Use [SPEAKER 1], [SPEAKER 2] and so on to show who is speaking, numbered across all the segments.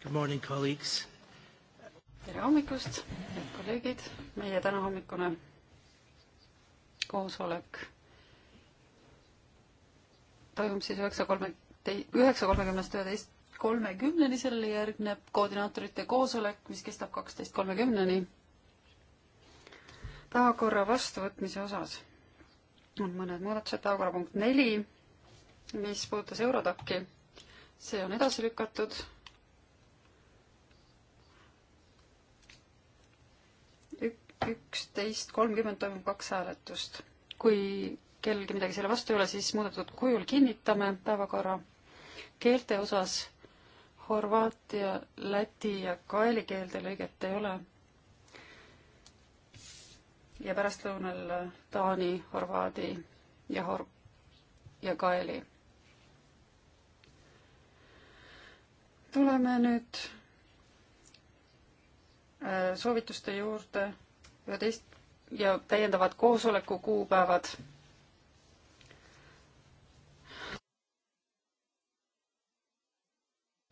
[SPEAKER 1] Good morning, colleagues.
[SPEAKER 2] tere hommikust, head kolleegid, meie tänahommikune koosolek toimub siis üheksa kolme, üheksa kolmekümnest üheteist kolmekümneni, sellele järgneb koordinaatorite koosolek, mis kestab kaksteist kolmekümneni. päevakorra vastuvõtmise osas on mõned muudatused, päevakorrapunkt neli, mis puudutas Eurodaki, see on edasi lükatud üksteist kolmkümmend toimub kaks hääletust. kui kellelgi midagi selle vastu ei ole, siis muudetud kujul kinnitame päevakorra keelte osas horvaatia, läti ja kaeli keelde lõiget ei ole. ja pärastlõunal taani, horvaadi ja hor- ja kaeli. tuleme nüüd äh, soovituste juurde üheteist ja täiendavad koosoleku kuupäevad.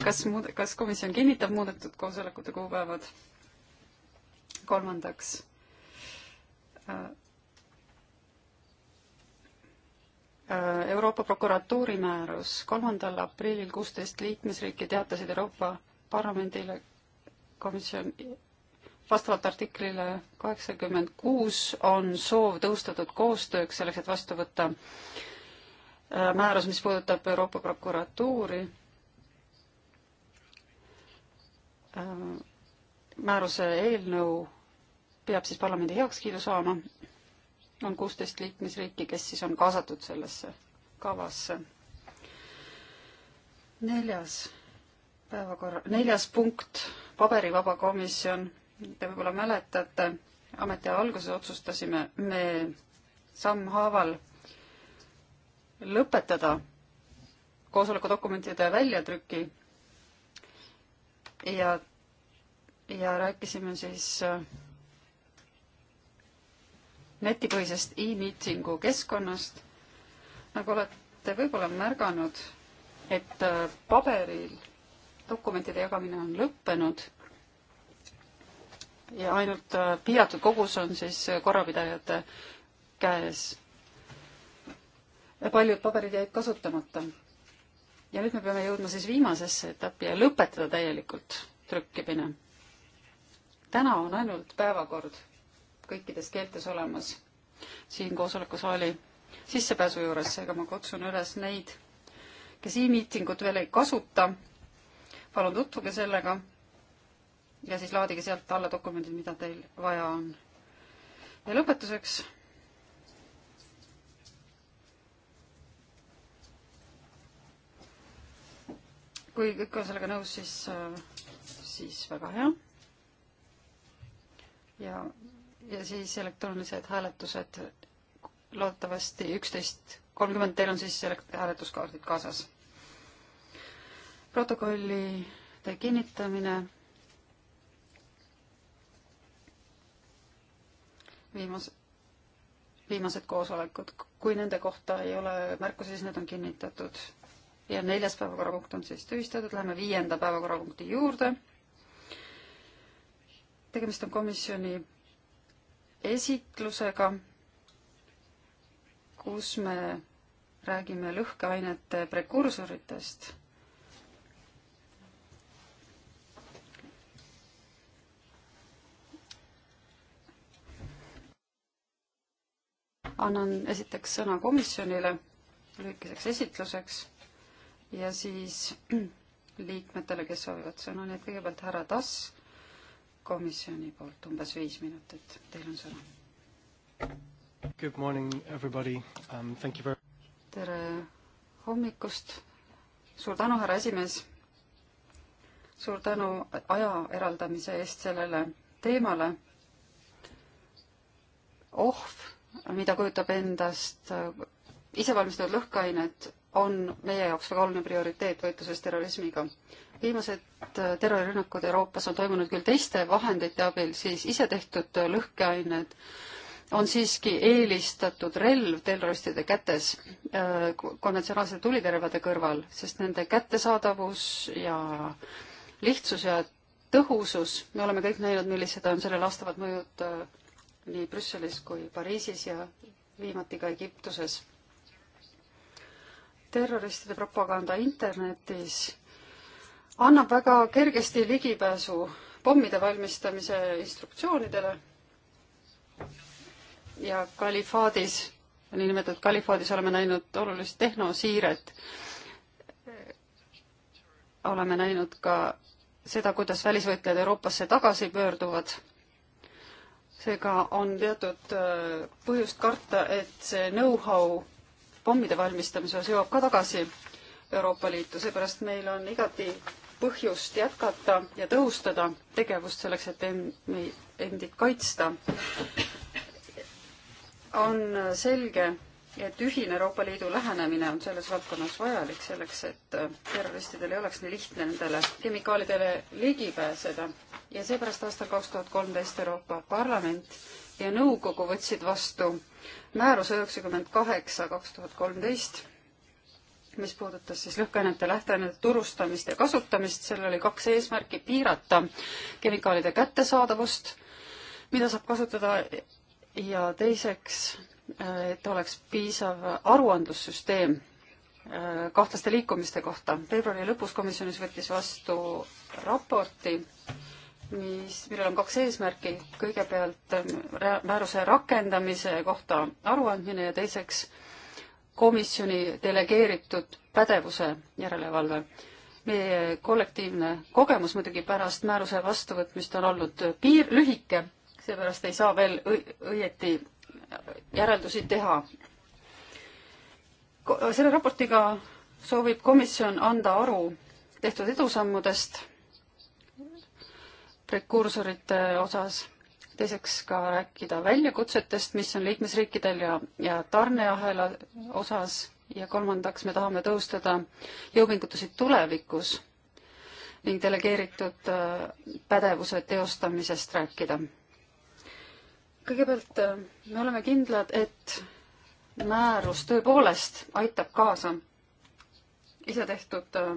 [SPEAKER 2] kas muud-, kas komisjon kinnitab muudetud koosolekute kuupäevad? kolmandaks äh, äh, Euroopa prokuratuuri määrus. kolmandal aprillil kuusteist liikmesriiki teatasid Euroopa Parlamendile komisjon vastavalt artiklile kaheksakümmend kuus on soov tõustatud koostööks selleks, et vastu võtta äh, määrus, mis puudutab Euroopa prokuratuuri. Äh, määruse eelnõu peab siis parlamendi heakskiidu saama. on kuusteist liikmesriiki, kes siis on kaasatud sellesse kavasse. neljas päevakorra, neljas punkt, paberivaba komisjon te võib-olla mäletate, ametiaja alguses otsustasime me sammhaaval lõpetada koosolekudokumentide väljatrüki ja, ja rääkisime siis äh, netipõhisest e-meetingu keskkonnast. nagu olete võib-olla märganud, et äh, paberil dokumentide jagamine on lõppenud ja ainult äh, piiratud kogus on siis äh, korrapidajate käes. paljud paberid jäid kasutamata. ja nüüd me peame jõudma siis viimasesse etappi ja lõpetada täielikult trükkimine. täna on ainult päevakord kõikides keeltes olemas siin koosolekusaali sissepääsu juures, seega ma kutsun üles neid, kes e-miitingut veel ei kasuta, palun tutvuge sellega ja siis laadige sealt alla dokumendid, mida teil vaja on. ja lõpetuseks. kui kõik on sellega nõus, siis, äh, siis väga hea. ja, ja siis elektroonilised hääletused loodetavasti üksteist kolmkümmend, teil on siis hääletuskaardid kaasas. protokolli kinnitamine viimas, viimased koosolekud. kui nende kohta ei ole märkusi, siis need on kinnitatud. ja neljas päevakorrapunkt on siis tühistatud, läheme viienda päevakorrapunkti juurde. tegemist on komisjoni esitlusega, kus me räägime lõhkeainete prekursoritest annan esiteks sõna komisjonile lühikeseks esitluseks ja siis liikmetele, kes soovivad sõna, nii et kõigepealt härra Tass komisjoni poolt umbes viis minutit, teil on sõna.
[SPEAKER 1] Good morning everybody um,, thank you very
[SPEAKER 2] tere hommikust, suur tänu, härra esimees, suur tänu aja eraldamise eest sellele teemale. ohv mida kujutab endast äh, isevalmistatud lõhkeained, on meie jaoks väga oluline prioriteet võitluses terrorismiga. viimased äh, terrorirünnakud Euroopas on toimunud küll teiste vahendite abil, siis isetehtud äh, lõhkeained on siiski eelistatud relv terroristide kätes konventsionaalsete tulitervade kõrval, sest nende kättesaadavus ja lihtsus ja tõhusus, me oleme kõik näinud, millised on sellele vastavad mõjud nii Brüsselis kui Pariisis ja viimati ka Egiptuses. terroristide propaganda internetis annab väga kergesti ligipääsu pommide valmistamise instruktsioonidele ja kalifaadis, niinimetatud kalifaadis oleme näinud olulist tehnosiiret. oleme näinud ka seda, kuidas välisvõitlejad Euroopasse tagasi pöörduvad seega on teatud äh, põhjust karta, et see know-how pommide valmistamises jõuab ka tagasi Euroopa Liitu, seepärast meil on igati põhjust jätkata ja tõhustada tegevust selleks, et end, endid kaitsta. on selge, et ühine Euroopa Liidu lähenemine on selles valdkonnas vajalik selleks, et äh, terroristidel ei oleks nii lihtne nendele kemikaalidele ligi pääseda. ja seepärast aastal kaks tuhat kolmteist Euroopa Parlament ja nõukogu võtsid vastu määruse üheksakümmend kaheksa kaks tuhat kolmteist, mis puudutas siis lõhkeainete, lähteainete turustamist ja kasutamist, sellel oli kaks eesmärki, piirata kemikaalide kättesaadavust, mida saab kasutada ja teiseks et oleks piisav aruandlussüsteem äh, kahtlaste liikumiste kohta. veebruari lõpus komisjonis võttis vastu raporti, mis, millel on kaks eesmärki. kõigepealt äh, määruse rakendamise kohta aruandmine ja teiseks komisjoni delegeeritud pädevuse järelevalve. meie kollektiivne kogemus muidugi pärast määruse vastuvõtmist on olnud piir, lühike, seepärast ei saa veel õieti järeldusi teha. selle raportiga soovib komisjon anda aru tehtud edusammudest prekursorite osas, teiseks ka rääkida väljakutsetest, mis on liikmesriikidel ja, ja tarneahela osas ja kolmandaks me tahame tõustada jõupingutusi tulevikus ning delegeeritud äh, pädevuse teostamisest rääkida kõigepealt äh, me oleme kindlad, et määrus tõepoolest aitab kaasa isetehtud äh,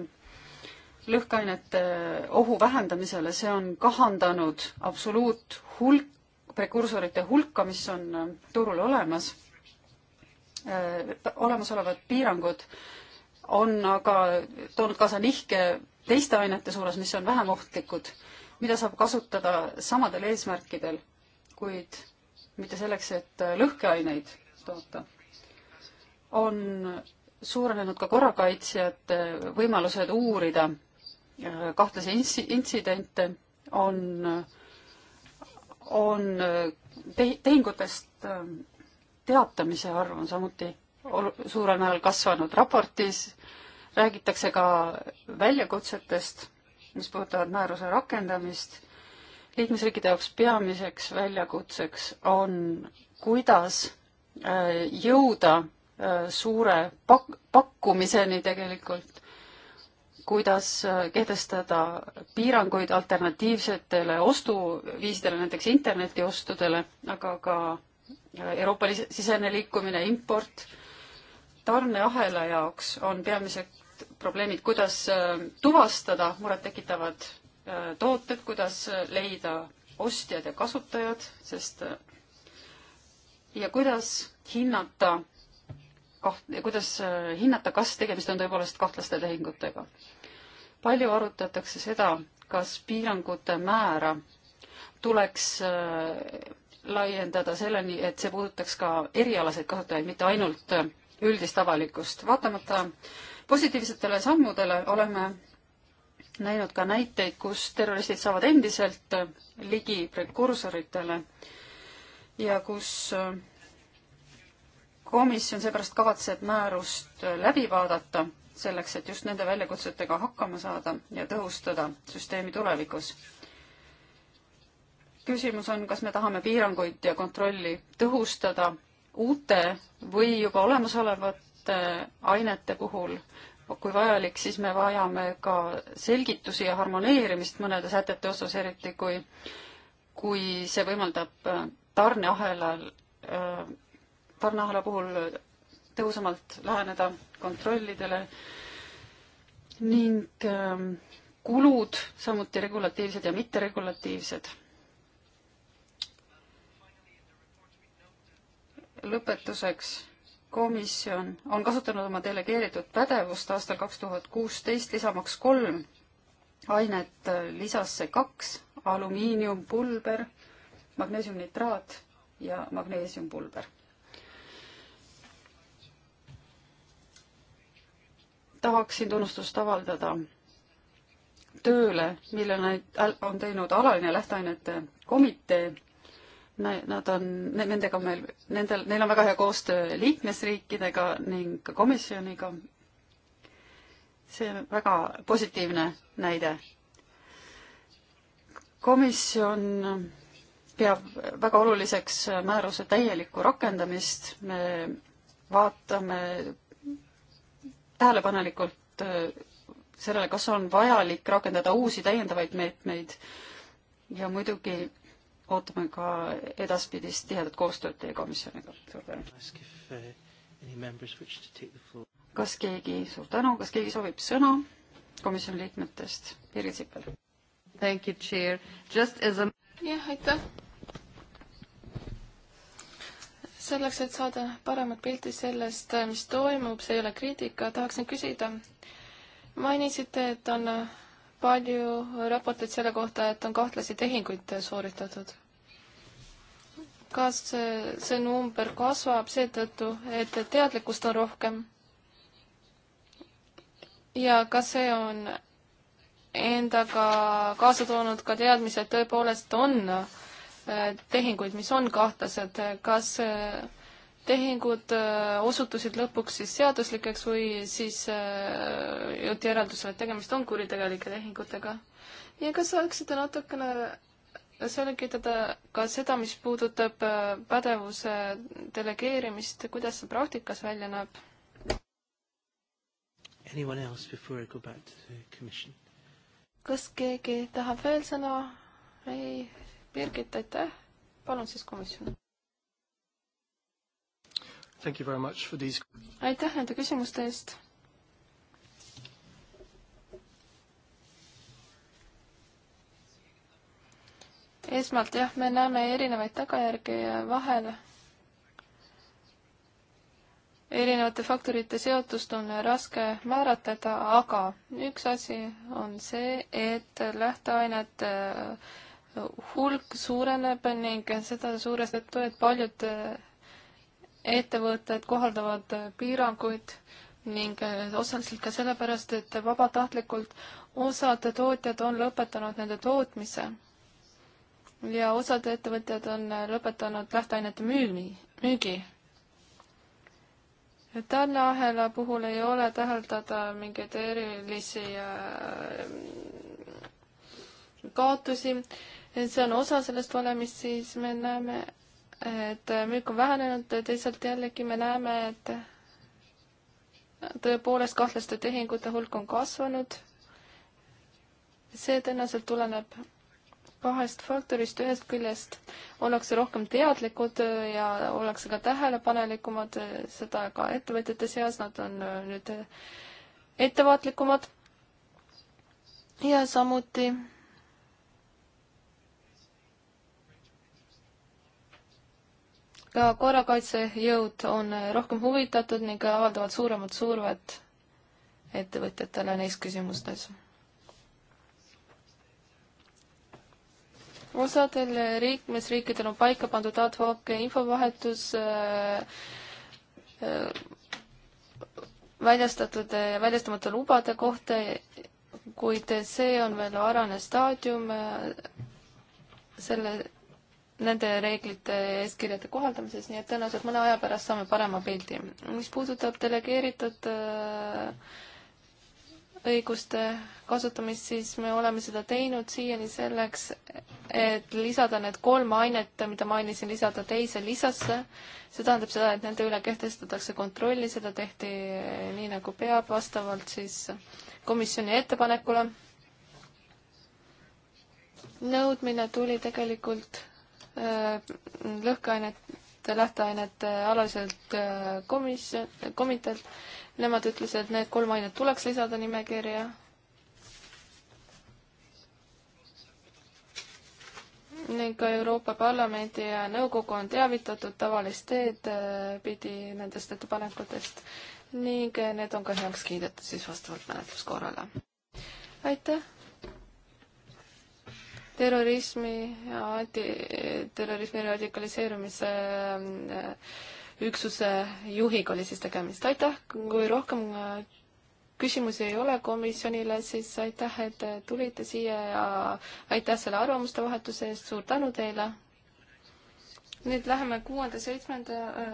[SPEAKER 2] lõhkainete äh, ohu vähendamisele, see on kahandanud absoluuthulk, prekursorite hulka, mis on turul olemas. olemasolevad piirangud on aga toonud kaasa nihke teiste ainete suunas, mis on vähem ohtlikud, mida saab kasutada samadel eesmärkidel, kuid mitte selleks, et äh, lõhkeaineid toota. on suurenenud ka korrakaitsjate võimalused uurida äh, kahtlasi insi-, intsidente, on, on äh, te-, tehingutest teatamise arv on samuti ol-, suurel määral kasvanud. raportis räägitakse ka väljakutsetest, mis puudutavad määruse rakendamist liikmesriikide jaoks peamiseks väljakutseks on, kuidas äh, jõuda äh, suure pak-, pakkumiseni tegelikult, kuidas äh, kehtestada piiranguid alternatiivsetele ostuviisidele, näiteks internetiostudele, aga ka Euroopa sisene liikumine, import, tarneahela jaoks on peamised probleemid, kuidas tuvastada murettekitavad Äh, tooted, kuidas leida ostjad ja kasutajad, sest äh, ja kuidas hinnata kaht-, kuidas äh, hinnata, kas tegemist on tõepoolest kahtlaste tehingutega. palju arutatakse seda, kas piirangute määra tuleks laiendada selleni, et see puudutaks ka erialaseid kasutajaid, mitte ainult üldist avalikkust. vaatamata positiivsetele sammudele oleme näinud ka näiteid, kus terroristid saavad endiselt ligi prekursoritele ja kus äh, komisjon seepärast kavatseb määrust äh, läbi vaadata, selleks et just nende väljakutsetega hakkama saada ja tõhustada süsteemi tulevikus. küsimus on, kas me tahame piiranguid ja kontrolli tõhustada uute või juba olemasolevate äh, ainete puhul kui vajalik, siis me vajame ka selgitusi ja harmoneerimist mõnede sätete osas, eriti kui, kui see võimaldab äh, tarneahelal, äh, tarneahela puhul tõhusamalt läheneda kontrollidele ning ähm, kulud, samuti regulatiivsed ja mitteregulatiivsed. lõpetuseks komisjon on kasutanud oma delegeeritud pädevust aastal kaks tuhat kuusteist lisamaks kolm ainet, äh, lisas see kaks, alumiiniumpulber, magneesiumnitraat ja magneesiumpulber. tahaksin tunnustust avaldada tööle, mille äh, on teinud alaline lähteainete komitee Nad on, nendega meil, nendel, neil on väga hea koostöö liikmesriikidega ning ka komisjoniga. see on väga positiivne näide. komisjon peab väga oluliseks määruse täielikku rakendamist. me vaatame tähelepanelikult äh, sellele, kas on vajalik rakendada uusi täiendavaid meetmeid ja muidugi ootame ka edaspidist tihedat koostööd teie komisjoniga. suur tänu. Uh, kas keegi, suur tänu, kas keegi soovib sõna komisjoni liikmetest? Birgit
[SPEAKER 3] Sipel. Thank you, chair. Just as a. jah, aitäh. selleks, et saada paremat pilti sellest, mis toimub, see ei ole kriitika, tahaksin küsida mainisite, et on palju raporteid selle kohta, et on kahtlasi tehinguid sooritatud. kas see number kasvab seetõttu, et teadlikkust on rohkem? ja kas see on endaga kaasa toonud ka teadmise, et tõepoolest on äh, tehinguid, mis on kahtlased, kas äh, tehingud äh, osutusid lõpuks siis seaduslikeks või siis äh, jõuti järeldusele, et tegemist on kuritegelike tehingutega. ja kas saaksite natukene selgitada ka seda, mis puudutab äh, pädevuse delegeerimist, kuidas see praktikas välja näeb? kas keegi tahab veel sõna? ei, Birgit, aitäh. palun siis komisjon aitäh nende küsimuste eest. esmalt jah, me näeme erinevaid tagajärgi vahel. erinevate faktorite seotust on raske määratleda, aga üks asi on see, et lähteained äh, hulk suureneb ning seda suures tõttu, et paljud äh, ettevõtted kohaldavad piiranguid ning eh, osaliselt ka sellepärast, et vabatahtlikult osad tootjad on lõpetanud nende tootmise ja osad ettevõtjad on lõpetanud lähteainete müümi, müügi. tarneahela puhul ei ole täheldada mingeid erilisi eh, kaotusi, see on osa sellest valemist, siis me näeme, et müük on vähenenud, teisalt jällegi me näeme, et tõepoolest kahtlaste tehingute hulk on kasvanud. see tõenäoliselt tuleneb kahest faktorist, ühest küljest ollakse rohkem teadlikud ja ollakse ka tähelepanelikumad, seda ka ettevõtjate seas, nad on nüüd ettevaatlikumad. ja samuti ka korrakaitsejõud on rohkem huvitatud ning avaldavad suuremat survet ettevõtjatele neis küsimustes. osadel liikmesriikidel on paika pandud ad hoc infovahetus äh, äh, väljastatud ja väljastamata lubade kohta, kuid see on veel varane staadium äh, selle nende reeglite eeskirjade kohaldamises, nii et tõenäoliselt mõne aja pärast saame parema pildi. mis puudutab delegeeritud äh, õiguste kasutamist, siis me oleme seda teinud siiani selleks, et lisada need kolm ainet, mida mainisin, lisada teise lisasse. see tähendab seda, et nende üle kehtestatakse kontrolli, seda tehti äh, nii, nagu peab, vastavalt siis komisjoni ettepanekule. nõudmine tuli tegelikult Äh, lõhkeainete, lähteainete alaliselt äh, komisjon, komiteelt. Nemad ütlesid, et need kolm ainet tuleks lisada nimekirja. ning ka Euroopa Parlamendi ja Nõukogu on teavitatud tavalist teed äh, pidi nendest ettepanekutest ning need on ka heaks kiidetud siis vastavalt menetluskorrale. aitäh! terrorismi ja antiterrorismi radikaliseerumise äh, üksuse juhiga oli siis tegemist. aitäh, kui rohkem äh, küsimusi ei ole komisjonile, siis aitäh, et tulite siia ja aitäh selle arvamuste vahetuse eest, suur tänu teile. nüüd läheme kuuenda-seitsmenda äh,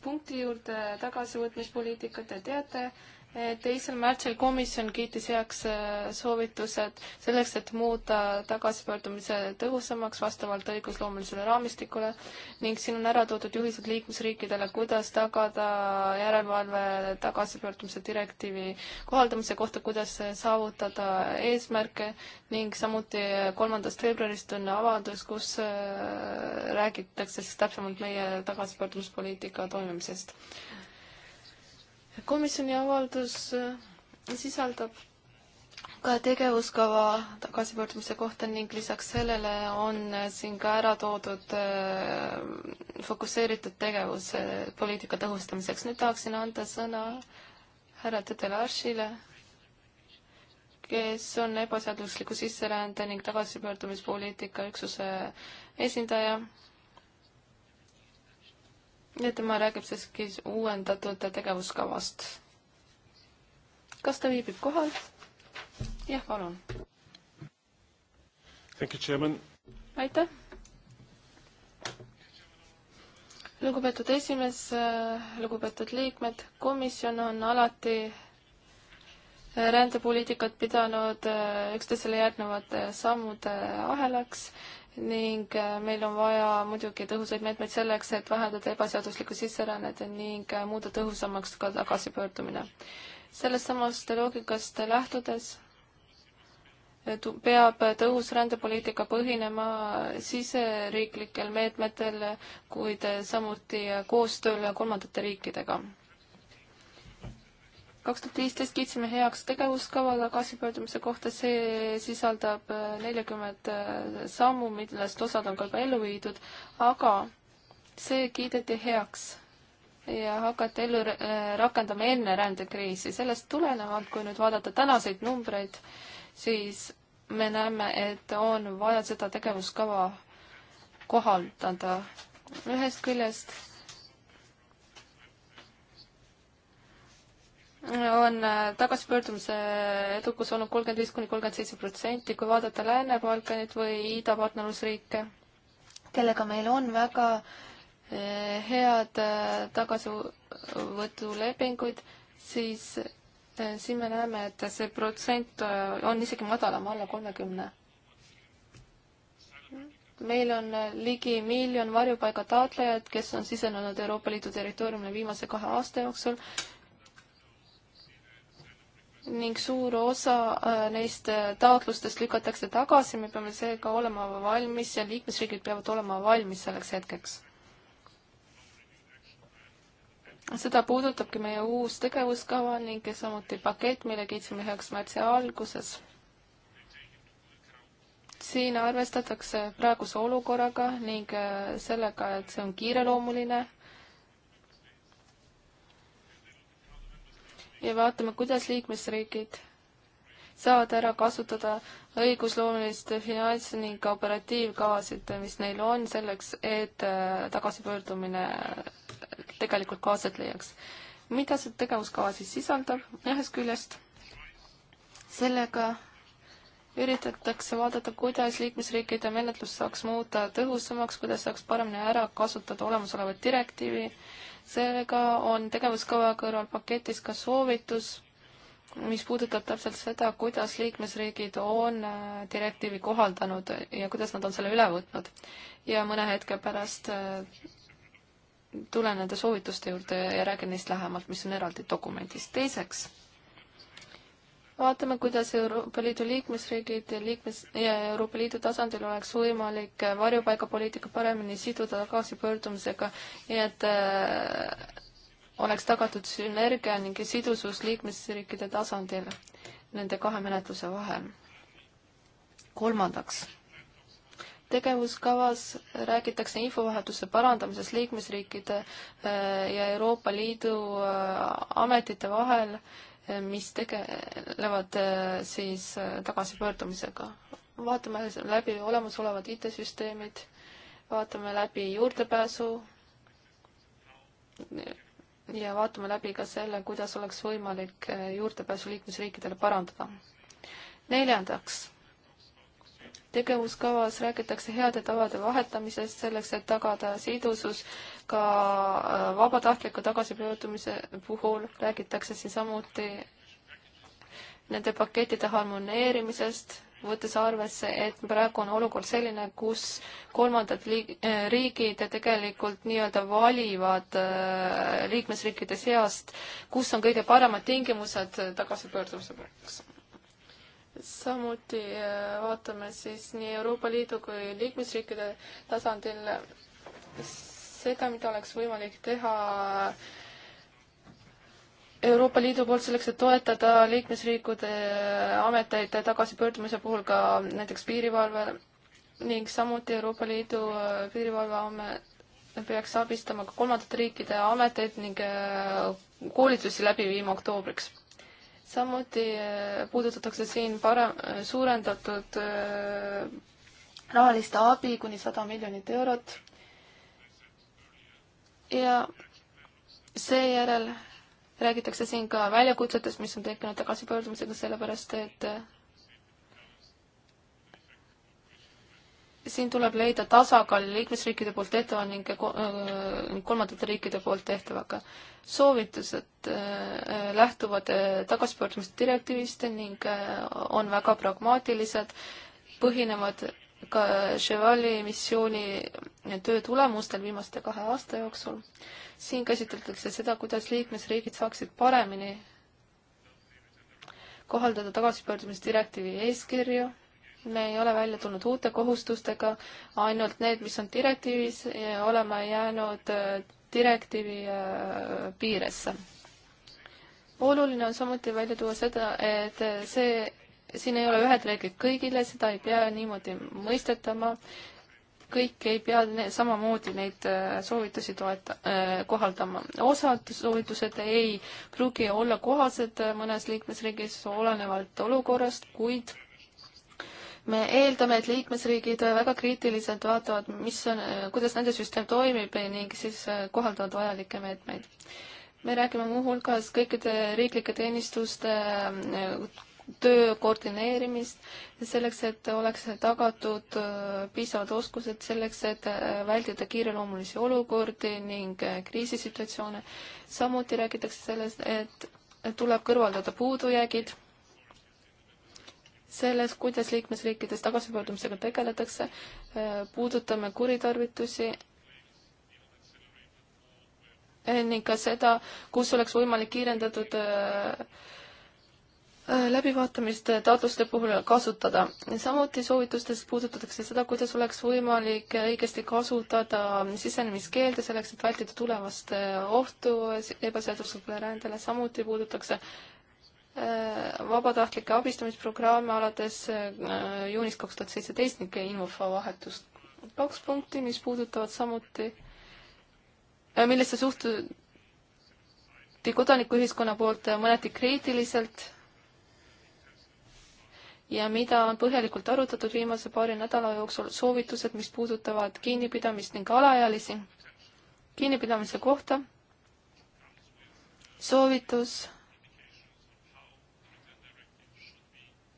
[SPEAKER 3] punkti juurde, tagasivõtmispoliitika, te teate, teisel märtsil komisjon kiitis heaks äh, soovitused selleks, et muuta tagasipöördumise tõhusamaks vastavalt õigusloomelisele raamistikule ning siin on ära toodud juhised liikmesriikidele, kuidas tagada järelevalve tagasipöördumise direktiivi kohaldamise kohta, kuidas saavutada eesmärke ning samuti kolmandast veebruarist on avaldus, kus äh, räägitakse siis täpsemalt meie tagasipöördumispoliitika toimimisest komisjoni avaldus äh, sisaldab ka tegevuskava tagasipöördumise kohta ning lisaks sellele on äh, siin ka ära toodud äh, fokusseeritud tegevus poliitika tõhustamiseks. nüüd tahaksin anda sõna härra Tedelaršile, kes on ebaseadusliku sisserände ning tagasipöördumispoliitika üksuse esindaja ja tema räägib siiski uuendatud tegevuskavast. kas ta viibib kohal? jah, palun. aitäh. lugupeetud esimees, lugupeetud liikmed, komisjon on alati rändepoliitikat pidanud eh, üksteisele järgnevate eh, sammude eh, ahelaks ning äh, meil on vaja muidugi tõhusaid meetmeid selleks, et vähendada ebaseaduslikku sisserännet ning äh, muuta tõhusamaks ka tagasipöördumine. sellest samast loogikast lähtudes äh, peab tõhus rändepoliitika põhinema siseriiklikel meetmetel, kuid samuti koostööl kolmandate riikidega kaks tuhat viisteist kiitsime heaks tegevuskava tagasipöördumise kohta, see sisaldab äh, neljakümmet äh, sammu, millest osad on ka juba ellu viidud, aga see kiideti heaks ja hakati ellu äh, rakendama enne rändekriisi. sellest tulenevalt, kui nüüd vaadata tänaseid numbreid, siis me näeme, et on vaja seda tegevuskava kohaldada. ühest küljest on äh, tagasipöördumise edukus olnud kolmkümmend viis kuni kolmkümmend seitse protsenti, kui vaadata Lääne-Balkanit või idapartnerlusriike, kellega meil on väga äh, head äh, tagasivõtulepinguid, siis siin me näeme, et see protsent on isegi madalam, alla kolmekümne. meil on ligi miljon varjupaiga taotlejat, kes on sisenenud Euroopa Liidu territooriumile viimase kahe aasta jooksul ning suur osa äh, neist äh, taotlustest lükatakse tagasi, me peame seega olema valmis ja liikmesriigid peavad olema valmis selleks hetkeks. seda puudutabki meie uus tegevuskava ning samuti pakett, mille kiitsime heaks märtsi alguses. siin arvestatakse praeguse olukorraga ning äh, sellega, et see on kiireloomuline ja vaatame, kuidas liikmesriigid saavad ära kasutada õigusloomelist finants- ning operatiivkavasid, mis neil on selleks, et äh, tagasipöördumine tegelikult kaaset leiaks. mida see tegevuskava siis sisaldab? ühest küljest sellega üritatakse vaadata, kuidas liikmesriikide menetlus saaks muuta tõhusamaks, kuidas saaks paremini ära kasutada olemasolevat direktiivi sellega on tegevuskava kõrval paketis ka soovitus, mis puudutab täpselt seda, kuidas liikmesriigid on äh, direktiivi kohaldanud ja kuidas nad on selle üle võtnud. ja mõne hetke pärast äh, tulen nende soovituste juurde ja räägin neist lähemalt, mis on eraldi dokumendis. teiseks vaatame, kuidas Euroopa Liidu liikmesriigid liikmes- ja Euroopa Liidu tasandil oleks võimalik varjupaigapoliitika paremini siduda tagasipöördumisega, nii et äh, oleks tagatud sünergia ning sidusus liikmesriikide tasandil nende kahe menetluse vahel. kolmandaks, tegevuskavas räägitakse infovahetuse parandamisest liikmesriikide äh, ja Euroopa Liidu äh, ametite vahel äh, mis tegelevad äh, siis äh, tagasipöördumisega. vaatame läbi olemasolevad IT-süsteemid, vaatame läbi juurdepääsu ja vaatame läbi ka selle, kuidas oleks võimalik äh, juurdepääsu liikmesriikidele parandada. neljandaks tegevuskavas räägitakse heade tavade vahetamisest selleks, et tagada sidusus ka äh, vabatahtliku tagasipöördumise puhul, räägitakse siin samuti nende pakettide harmoneerimisest, võttes arvesse, et praegu on olukord selline, kus kolmandad liig-, äh, riigid tegelikult nii-öelda valivad äh, liikmesriikide seast, kus on kõige paremad tingimused tagasipöördumise puhul samuti äh, vaatame siis nii Euroopa Liidu kui liikmesriikide tasandil seda, mida oleks võimalik teha Euroopa Liidu poolt selleks, et toetada liikmesriikide äh, ameteid tagasipöördumise puhul ka näiteks piirivalvel ning samuti Euroopa Liidu äh, piirivalveamet peaks abistama ka kolmandate riikide ameteid ning koolitusi läbi viima oktoobriks samuti äh, puudutatakse siin para-, äh, suurendatud äh, rahalist abi kuni sada miljonit eurot ja seejärel räägitakse siin ka väljakutsetest, mis on tekkinud tagasipöördumisega, sellepärast et siin tuleb leida tasakaal liikmesriikide poolt tehtava ning äh, kolmandate riikide poolt tehtavaga. soovitused äh, äh, lähtuvad tagasipöördumisdirektiivist ning on väga pragmaatilised, põhinevad ka Chevali missiooni töö tulemustel viimaste kahe aasta jooksul. siin käsitletakse seda, kuidas liikmesriigid saaksid paremini kohaldada tagasipöördumisdirektiivi eeskirju me ei ole välja tulnud uute kohustustega, ainult need, mis on direktiivis, olema jäänud äh, direktiivi äh, piiresse. oluline on samuti välja tuua seda, et see, siin ei ole ühed reeglid kõigile, seda ei pea niimoodi mõistetama, kõik ei pea ne, samamoodi neid äh, soovitusi toeta- äh,, kohaldama. osad soovitused ei pruugi olla kohased mõnes liikmesriigis, olenevalt olukorrast, kuid me eeldame, et liikmesriigid väga kriitiliselt vaatavad, mis on, kuidas nende süsteem toimib ning siis äh, kohaldavad vajalikke meetmeid. me räägime muuhulgas kõikide riiklike teenistuste äh, töö koordineerimist, selleks, et oleks tagatud äh, piisavad oskused selleks, et vältida kiireloomulisi olukordi ning kriisisituatsioone. samuti räägitakse sellest, et tuleb kõrvaldada puudujäägid selles, kuidas liikmesriikides tagasipöördumisega tegeletakse, äh, puudutame kuritarvitusi äh, ning ka seda, kus oleks võimalik kiirendatud äh, läbivaatamist taotluste puhul kasutada. samuti soovitustes puudutatakse seda, kuidas oleks võimalik õigesti kasutada sisenemiskeelde selleks, et vältida tulevast ohtu ebaseaduslikule rändele. samuti puudutakse äh, Äh, vabatahtlike abistamisprogramme alates äh, juunist kaks tuhat seitseteist ning info vahetust. kaks punkti, mis puudutavad samuti, äh, millesse suhtuti kodanikuühiskonna poolt mõneti kriitiliselt ja mida on põhjalikult arutatud viimase paari nädala jooksul, soovitused, mis puudutavad kinnipidamist ning alaealisi. kinnipidamise kohta soovitus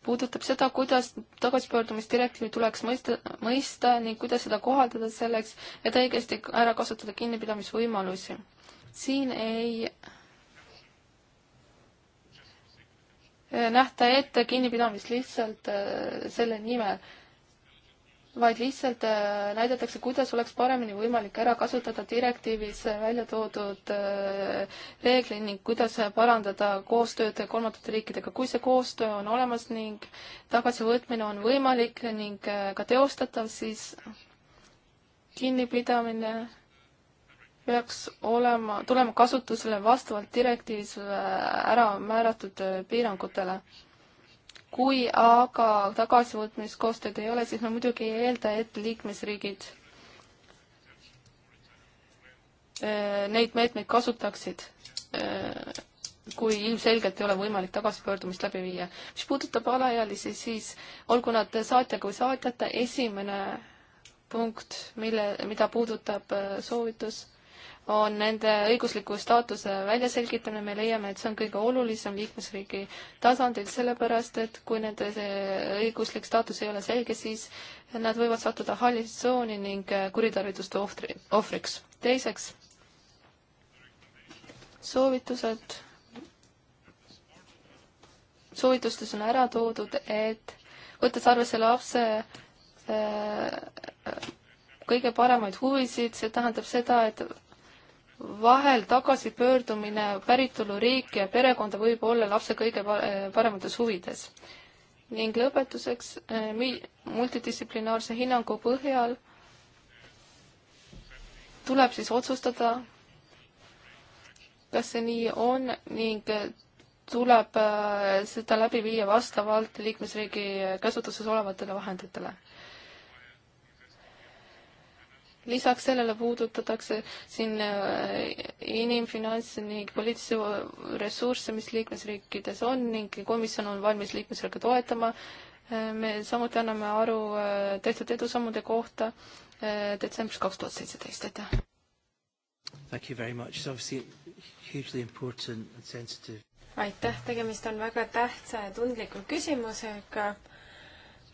[SPEAKER 3] puudutab seda, kuidas tagasipöördumisdirektiivi tuleks mõista, mõista ning kuidas seda kohaldada selleks, et õigesti ära kasutada kinnipidamisvõimalusi. siin ei äh, nähta ette kinnipidamist lihtsalt äh, selle nimel vaid lihtsalt äh, näidatakse, kuidas oleks paremini võimalik ära kasutada direktiivis välja toodud äh, reeglid ning kuidas parandada koostööd kolmandate riikidega. kui see koostöö on olemas ning tagasivõtmine on võimalik ning äh, ka teostatav, siis kinnipidamine peaks olema, tulema kasutusele vastavalt direktiivis ära määratud piirangutele kui aga tagasivõtmiskoostööd ei ole, siis ma muidugi ei eelda, et liikmesriigid äh, neid meetmeid kasutaksid, äh, kui ilmselgelt ei ole võimalik tagasipöördumist läbi viia. mis puudutab alaealisi, siis olgu nad saatja kui saatjata, esimene punkt, mille, mida puudutab äh, soovitus on nende õigusliku staatuse väljaselgitamine, me leiame, et see on kõige olulisem liikmesriigi tasandil, sellepärast et kui nende see õiguslik staatus ei ole selge, siis nad võivad sattuda halli tsooni ning kuritarvituste ohvri, ohvriks. teiseks, soovitused, soovitustes on ära toodud, et võttes arvesse lapse äh, kõige paremaid huvisid, see tähendab seda, et vahel tagasipöördumine päritoluriiki ja perekonda võib olla lapse kõige paremates huvides. ning lõpetuseks eh, multidistsiplinaarse hinnangu põhjal tuleb siis otsustada, kas see nii on ning eh, tuleb eh, seda läbi viia vastavalt liikmesriigi käsutuses olevatele vahenditele lisaks sellele puudutatakse siin äh, inimfinants ning poliitilisi ressursse, mis liikmesriikides on ning komisjon on valmis liikmesriike toetama. Äh, me samuti anname aru äh, tehtud edusammude kohta detsembris kaks tuhat seitseteist, aitäh.
[SPEAKER 1] Thank you very much, it's obviously hugely important and sensitive.
[SPEAKER 4] aitäh, tegemist on väga tähtsa ja tundliku küsimusega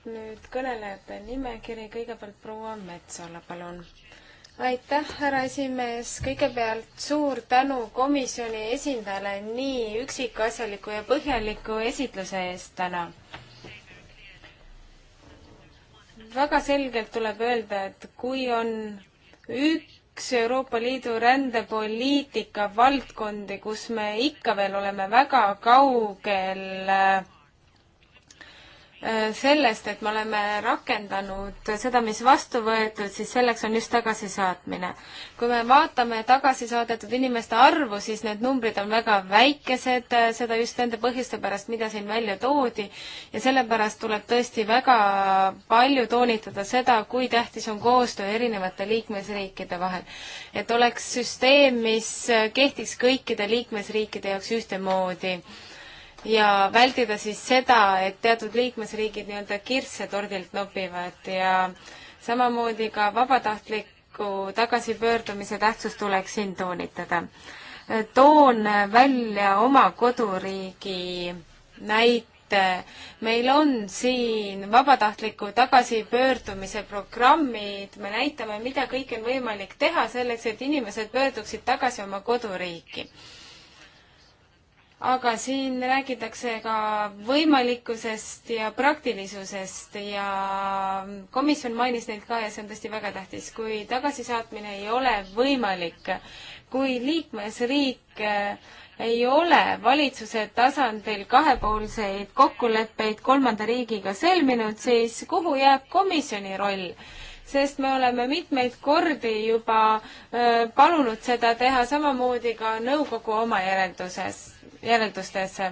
[SPEAKER 4] nüüd kõnelejate nimekiri, kõigepealt proua Metsola, palun. aitäh, härra esimees, kõigepealt suur tänu komisjoni esindajale nii üksikasjaliku ja põhjaliku esitluse eest täna. väga selgelt tuleb öelda, et kui on üks Euroopa Liidu rändepoliitika valdkondi, kus me ikka veel oleme väga kaugel äh, Äh, sellest, et me oleme rakendanud seda, mis vastu võetud, siis selleks on just tagasisaatmine. kui me vaatame tagasi saadetud inimeste arvu, siis need numbrid on väga väikesed, äh, seda just nende põhjuste pärast, mida siin välja toodi, ja sellepärast tuleb tõesti väga palju toonitada seda, kui tähtis on koostöö erinevate liikmesriikide vahel. et oleks süsteem, mis äh, kehtiks kõikide liikmesriikide jaoks ühtemoodi ja väldida siis seda, et teatud liikmesriigid nii-öelda kirsse tordilt nopivad ja samamoodi ka vabatahtliku tagasipöördumise tähtsust tuleks siin toonitada. toon välja oma koduriigi näite. meil on siin vabatahtliku tagasipöördumise programmid, me näitame, mida kõike on võimalik teha selleks, et inimesed pöörduksid tagasi oma koduriiki aga siin räägitakse ka võimalikkusest ja praktilisusest ja komisjon mainis neid ka ja see on tõesti väga tähtis, kui tagasisaatmine ei ole võimalik, kui liikmesriik eh, ei ole valitsuse tasandil kahepoolseid kokkuleppeid kolmanda riigiga sõlminud, siis kuhu jääb komisjoni roll? sest me oleme mitmeid kordi juba eh, palunud seda teha, samamoodi ka nõukogu oma järelduses järeldustesse.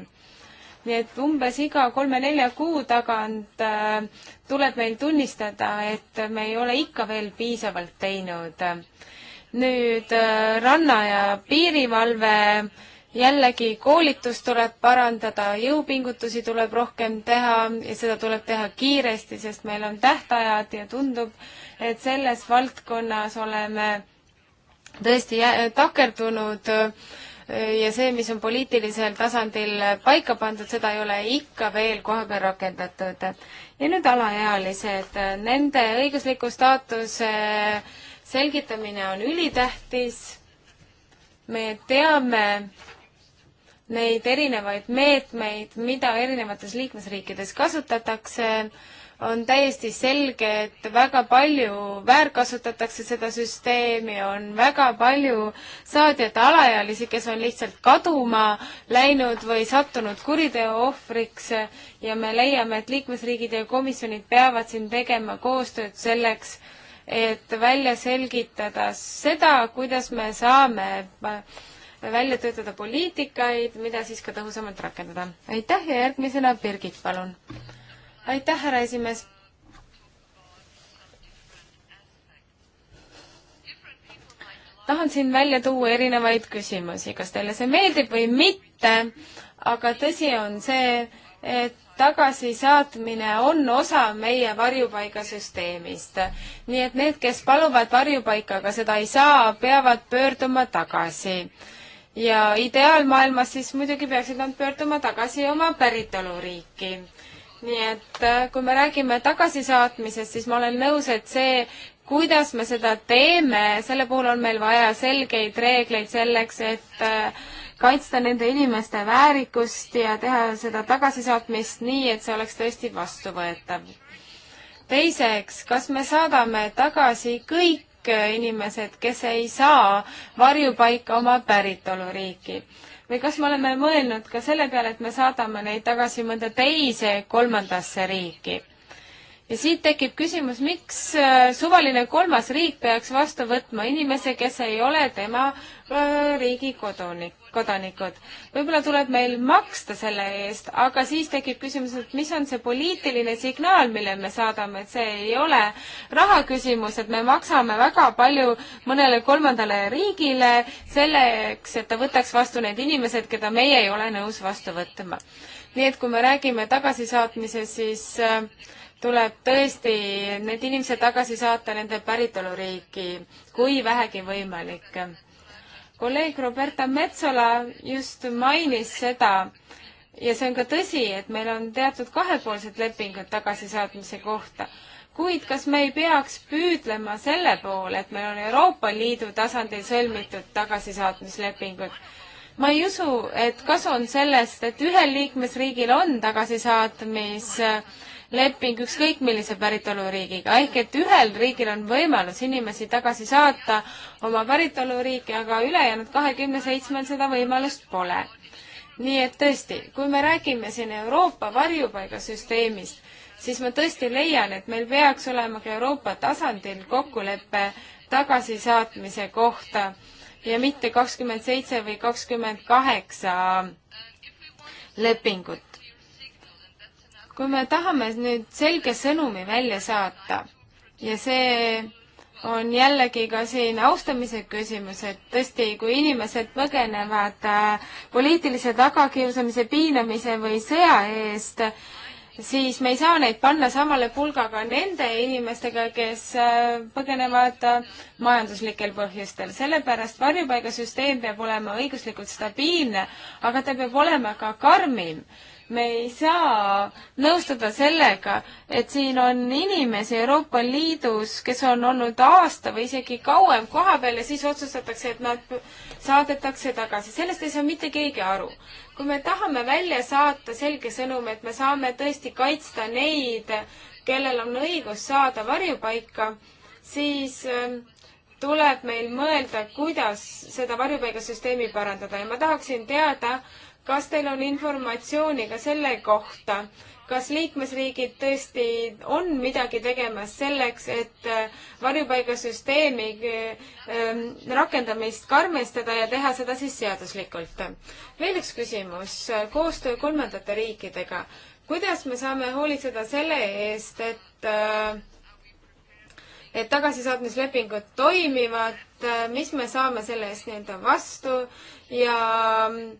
[SPEAKER 4] nii et umbes iga kolme-nelja kuu tagant äh, tuleb meil tunnistada, et me ei ole ikka veel piisavalt teinud. nüüd äh, ranna ja piirivalve jällegi koolitust tuleb parandada, jõupingutusi tuleb rohkem teha ja seda tuleb teha kiiresti, sest meil on tähtajad ja tundub, et selles valdkonnas oleme tõesti takerdunud äh, ja see, mis on poliitilisel tasandil paika pandud, seda ei ole ikka veel kohapeal rakendatud. ja nüüd alaealised, nende õigusliku staatuse selgitamine on ülitähtis. me teame neid erinevaid meetmeid, mida erinevates liikmesriikides kasutatakse on täiesti selge, et väga palju väärkasutatakse seda süsteemi, on väga palju saadjate alaealisi, kes on lihtsalt kaduma läinud või sattunud kuriteo ohvriks ja me leiame, et liikmesriigid ja komisjonid peavad siin tegema koostööd selleks, et välja selgitada seda, kuidas me saame välja töötada poliitikaid, mida siis ka tõhusamalt rakendada. aitäh ja järgmisena Birgit, palun! aitäh, härra esimees. tahan siin välja tuua erinevaid küsimusi, kas teile see meeldib või mitte, aga tõsi on see, et tagasisaatmine on osa meie varjupaigasüsteemist. nii et need, kes paluvad varjupaika, aga seda ei saa, peavad pöörduma tagasi. ja ideaalmaailmas siis muidugi peaksid nad pöörduma tagasi oma päritoluriiki nii et äh, kui me räägime tagasisaatmisest, siis ma olen nõus, et see, kuidas me seda teeme, selle puhul on meil vaja selgeid reegleid selleks, et äh, kaitsta nende inimeste väärikust ja teha seda tagasisaatmist nii, et see oleks tõesti vastuvõetav. teiseks, kas me saadame tagasi kõik inimesed, kes ei saa varjupaika oma päritoluriiki? või kas me oleme mõelnud ka selle peale, et me saadame neid tagasi mõnda teise kolmandasse riiki? ja siit tekib küsimus, miks äh, suvaline kolmas riik peaks vastu võtma inimese, kes ei ole tema äh, riigi kodunik, kodanikud. võib-olla tuleb meil maksta selle eest, aga siis tekib küsimus, et mis on see poliitiline signaal, mille me saadame, et see ei ole raha küsimus, et me maksame väga palju mõnele kolmandale riigile selleks, et ta võtaks vastu need inimesed, keda meie ei ole nõus vastu võtma. nii et kui me räägime tagasisaatmisest, siis äh, tuleb tõesti need inimesed tagasi saata nende päritoluriiki, kui vähegi võimalik. kolleeg Roberta Metsola just mainis seda ja see on ka tõsi, et meil on teatud kahepoolsed lepingud tagasisaatmise kohta kuid kas me ei peaks püüdlema selle poole, et meil on Euroopa Liidu tasandil sõlmitud tagasisaatmislepingud? ma ei usu, et kasu on sellest, et ühel liikmesriigil on tagasisaatmis äh, leping ükskõik millise päritoluriigiga, ehk et ühel riigil on võimalus inimesi tagasi saata oma päritoluriiki, aga ülejäänud kahekümne seitsmel seda võimalust pole. nii et tõesti, kui me räägime siin Euroopa varjupaigasüsteemist, siis ma tõesti leian, et meil peaks olema ka Euroopa tasandil kokkulepe tagasisaatmise kohta ja mitte kakskümmend seitse või kakskümmend kaheksa lepingut kui me tahame nüüd selge sõnumi välja saata ja see on jällegi ka siin austamise küsimus, et tõesti, kui inimesed põgenevad äh, poliitilise tagakiusamise, piinamise või sõja eest, siis me ei saa neid panna samale pulgaga nende inimestega, kes äh, põgenevad äh, majanduslikel põhjustel. sellepärast varjupaigasüsteem peab olema õiguslikult stabiilne, aga ta peab olema ka karmim, me ei saa nõustuda sellega, et siin on inimesi Euroopa Liidus, kes on olnud aasta või isegi kauem kohapeal ja siis otsustatakse, et nad saadetakse tagasi. sellest ei saa mitte keegi aru. kui me tahame välja saata selge sõnumi, et me saame tõesti kaitsta neid, kellel on õigus saada varjupaika, siis ähm, tuleb meil mõelda, kuidas seda varjupaigasüsteemi parandada ja ma tahaksin teada, kas teil on informatsiooni ka selle kohta, kas liikmesriigid tõesti on midagi tegemas selleks, et äh, varjupaigasüsteemi ähm, rakendamist karmistada ja teha seda siis seaduslikult? veel üks küsimus, äh, koostöö kolmandate riikidega. kuidas me saame hoolitseda selle eest, et äh, et tagasisaatmislepingud toimivad, mis me saame selle eest nii-öelda vastu ja äh,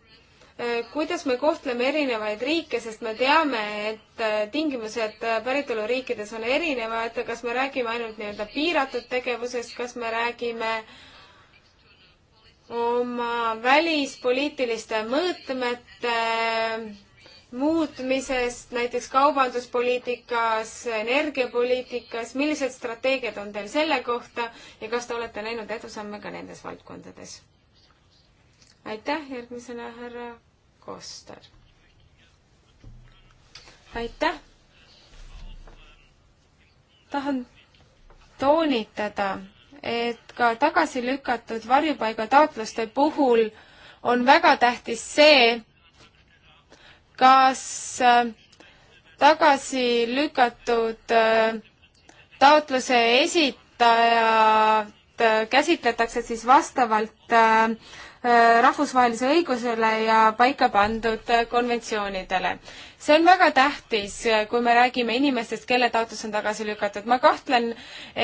[SPEAKER 4] Äh, kuidas me kohtleme erinevaid riike, sest me teame, et äh, tingimused äh, päritoluriikides on erinevad, kas me räägime ainult nii-öelda piiratud tegevusest, kas me räägime oma välispoliitiliste mõõtmete muutmisest, näiteks kaubanduspoliitikas, energiapoliitikas, millised strateegiad on teil selle kohta ja kas te olete näinud edusamme ka nendes valdkondades? aitäh, järgmisena härra Koster. aitäh! tahan toonitada, et ka tagasi lükatud varjupaigataotluste puhul on väga tähtis see, kas äh, tagasi lükatud äh, taotluse esitajat äh, käsitletakse siis vastavalt Äh, rahvusvahelisele õigusele ja paika pandud äh, konventsioonidele. see on väga tähtis, äh, kui me räägime inimestest, kelle taotlus on tagasi lükatud. ma kahtlen,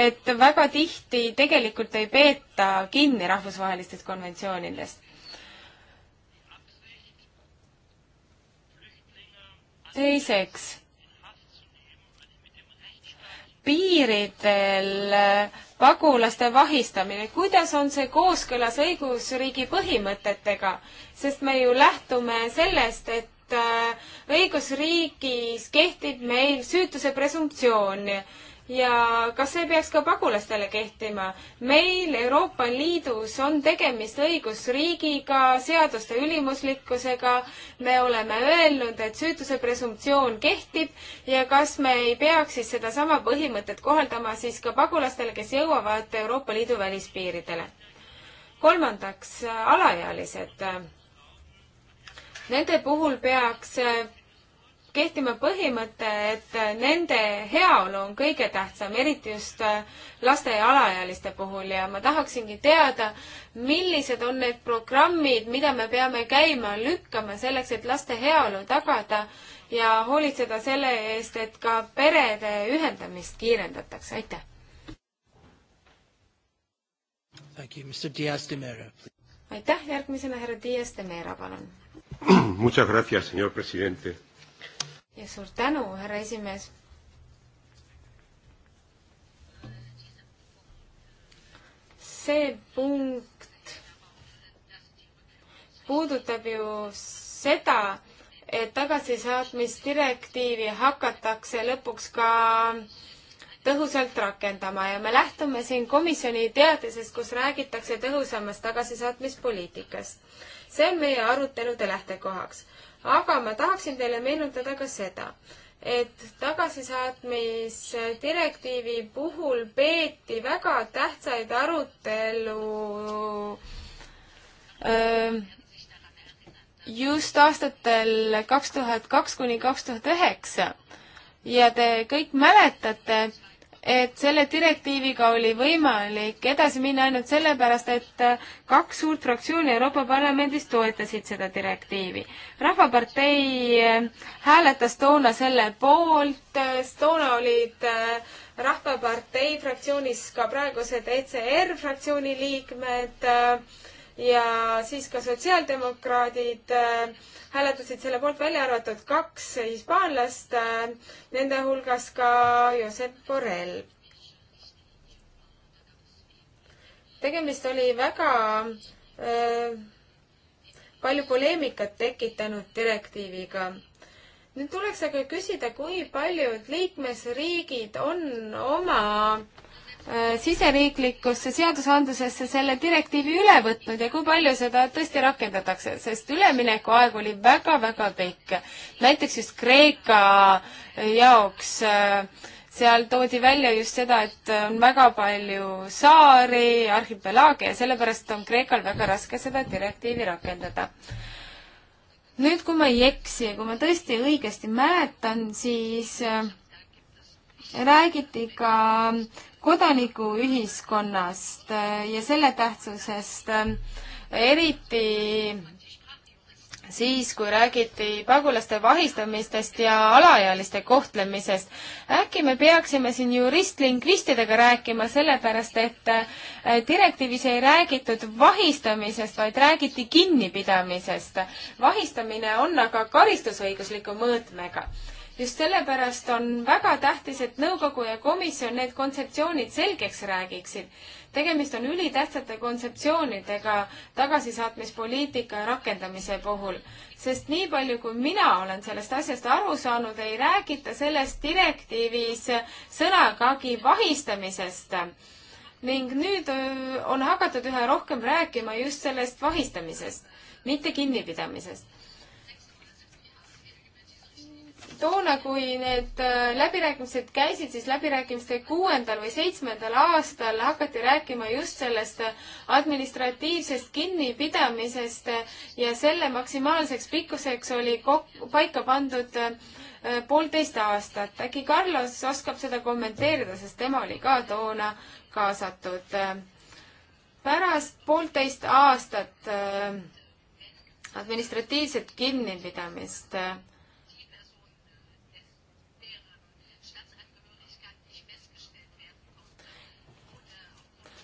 [SPEAKER 4] et väga tihti tegelikult ei peeta kinni rahvusvahelistest konventsioonidest. teiseks piiridel pagulaste vahistamine, kuidas on see kooskõlas õigusriigi põhimõtetega, sest me ju lähtume sellest, et äh, õigusriigis kehtib meil süütuse presumptsioon ja kas see peaks ka pagulastele kehtima? meil Euroopa Liidus on tegemist õigusriigiga, seaduste ülimuslikkusega, me oleme öelnud, et süütuse presumptsioon kehtib ja kas me ei peaks siis sedasama põhimõtet kohaldama siis ka pagulastele, kes jõuavad Euroopa Liidu välispiiridele? kolmandaks, alaealised. Nende puhul peaks kehtima põhimõte, et nende heaolu on kõige tähtsam, eriti just äh, laste ja alaealiste puhul ja ma tahaksingi teada, millised on need programmid, mida me peame käima lükkama selleks, et laste heaolu tagada ja hoolitseda selle eest, et ka perede ühendamist kiirendatakse, aitäh! aitäh, järgmisena härra Dias de Mera, palun!
[SPEAKER 1] Muchas gracias, señor presidente
[SPEAKER 4] ja suur tänu, härra esimees. see punkt puudutab ju seda, et tagasisaatmisdirektiivi hakatakse lõpuks ka tõhusalt rakendama ja me lähtume siin komisjoni teadisest, kus räägitakse tõhusamast tagasisaatmispoliitikast. see on meie arutelude lähtekohaks aga ma tahaksin teile meenutada ka seda, et tagasisaatmisdirektiivi puhul peeti väga tähtsaid arutelu öö, ähm, just aastatel kaks tuhat kaks kuni kaks tuhat üheksa ja te kõik mäletate, et selle direktiiviga oli võimalik edasi minna ainult sellepärast, et äh, kaks suurt fraktsiooni Euroopa Parlamendis toetasid seda direktiivi. rahvapartei äh, hääletas toona selle poolt, äh, toona olid Rahvapartei fraktsioonis ka praegused ECR fraktsiooni liikmed äh, ja siis ka sotsiaaldemokraadid äh, hääletasid selle poolt, välja arvatud kaks hispaanlast, äh, nende hulgas ka Josep Borrell. tegemist oli väga äh, palju poleemikat tekitanud direktiiviga nüüd tuleks aga küsida, kui paljud liikmesriigid on oma Äh, siseriiklikusse seadusandlusesse selle direktiivi üle võtnud ja kui palju seda tõesti rakendatakse, sest üleminekuaeg oli väga-väga pikk. näiteks just Kreeka jaoks äh, seal toodi välja just seda, et on väga palju saari, arhipelaage ja sellepärast on Kreekal väga raske seda direktiivi rakendada. nüüd, kui ma ei eksi ja kui ma tõesti õigesti mäletan, siis äh, räägiti ka kodanikuühiskonnast äh, ja selle tähtsusest, äh, eriti siis, kui räägiti pagulaste vahistamistest ja alaealiste kohtlemisest. äkki me peaksime siin juristlingvistidega rääkima, sellepärast et äh, direktiivis ei räägitud vahistamisest, vaid räägiti kinnipidamisest. vahistamine on aga karistusõigusliku mõõtmega just sellepärast on väga tähtis, et nõukogu ja komisjon need kontseptsioonid selgeks räägiksid. tegemist on ülitähtsate kontseptsioonidega tagasisaatmispoliitika rakendamise puhul, sest nii palju, kui mina olen sellest asjast aru saanud, ei räägita selles direktiivis sõnagagi vahistamisest ning nüüd on hakatud üha rohkem rääkima just sellest vahistamisest, mitte kinnipidamisest toona, kui need äh, läbirääkimised käisid, siis läbirääkimiste kuuendal või seitsmendal aastal hakati rääkima just sellest äh, administratiivsest kinnipidamisest äh, ja selle maksimaalseks pikkuseks oli kok-, paika pandud poolteist aastat. äkki Carlos oskab seda kommenteerida, sest tema oli ka toona kaasatud. pärast poolteist aastat administratiivset kinnipidamist äh,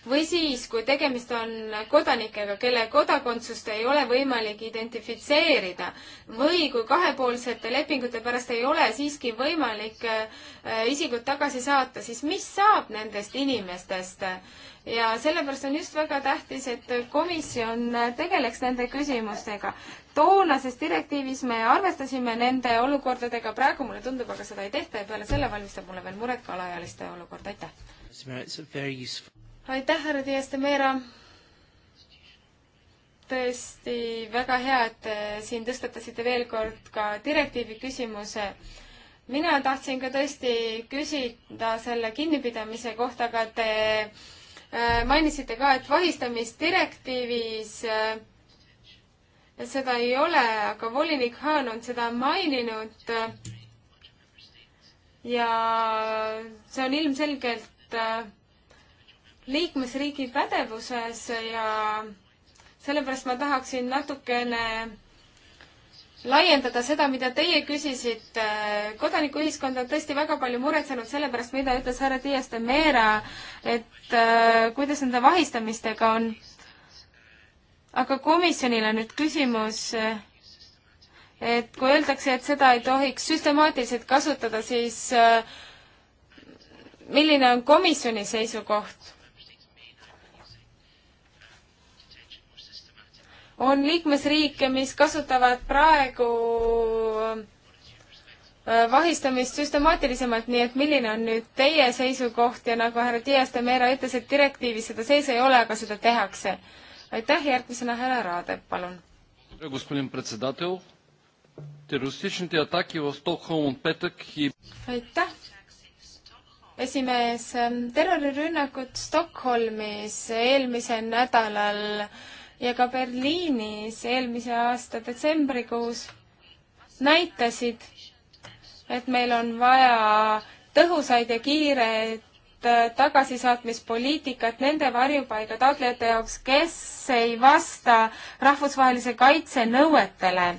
[SPEAKER 4] või siis, kui tegemist on kodanikega, kelle kodakondsust ei ole võimalik identifitseerida või kui kahepoolsete lepingute pärast ei ole siiski võimalik äh, isikut tagasi saata, siis mis saab nendest inimestest? ja sellepärast on just väga tähtis, et komisjon tegeleks nende küsimustega. toonases direktiivis me arvestasime nende olukordadega, praegu mulle tundub, aga seda ei tehta ja peale selle valmistab mulle veel muret ka alaealiste olukord, aitäh! aitäh, härra Dias de Meera! tõesti väga hea, et te siin tõstatasite veel kord ka direktiivi küsimuse. mina tahtsin ka tõesti küsida selle kinnipidamise kohta, aga te äh, mainisite ka, et vahistamisdirektiivis äh, seda ei ole, aga volinik Haan on seda maininud. ja see on ilmselgelt äh, liikmesriigi pädevuses ja sellepärast ma tahaksin natukene laiendada seda, mida teie küsisite. kodanikuühiskond on tõesti väga palju muretsenud selle pärast, mida ütles härra Dias de Meera, et äh, kuidas nende vahistamistega on. aga komisjonil on nüüd küsimus, äh, et kui öeldakse, et seda ei tohiks süstemaatiliselt kasutada, siis äh, milline on komisjoni seisukoht? on liikmesriike, mis kasutavad praegu äh, vahistamist süstemaatilisemalt, nii et milline on nüüd teie seisukoht ja nagu härra Dias de Mera ütles, et direktiivis seda sees ei ole, aga seda tehakse. aitäh, järgmisena härra Raadep, palun. aitäh, esimees, terrorirünnakud Stockholmis eelmisel nädalal ja ka Berliinis eelmise aasta detsembrikuus näitasid, et meil on vaja tõhusaid ja kiireid äh, tagasisaatmispoliitikat nende varjupaiga taotlejate jaoks, kes ei vasta rahvusvahelise kaitse nõuetele.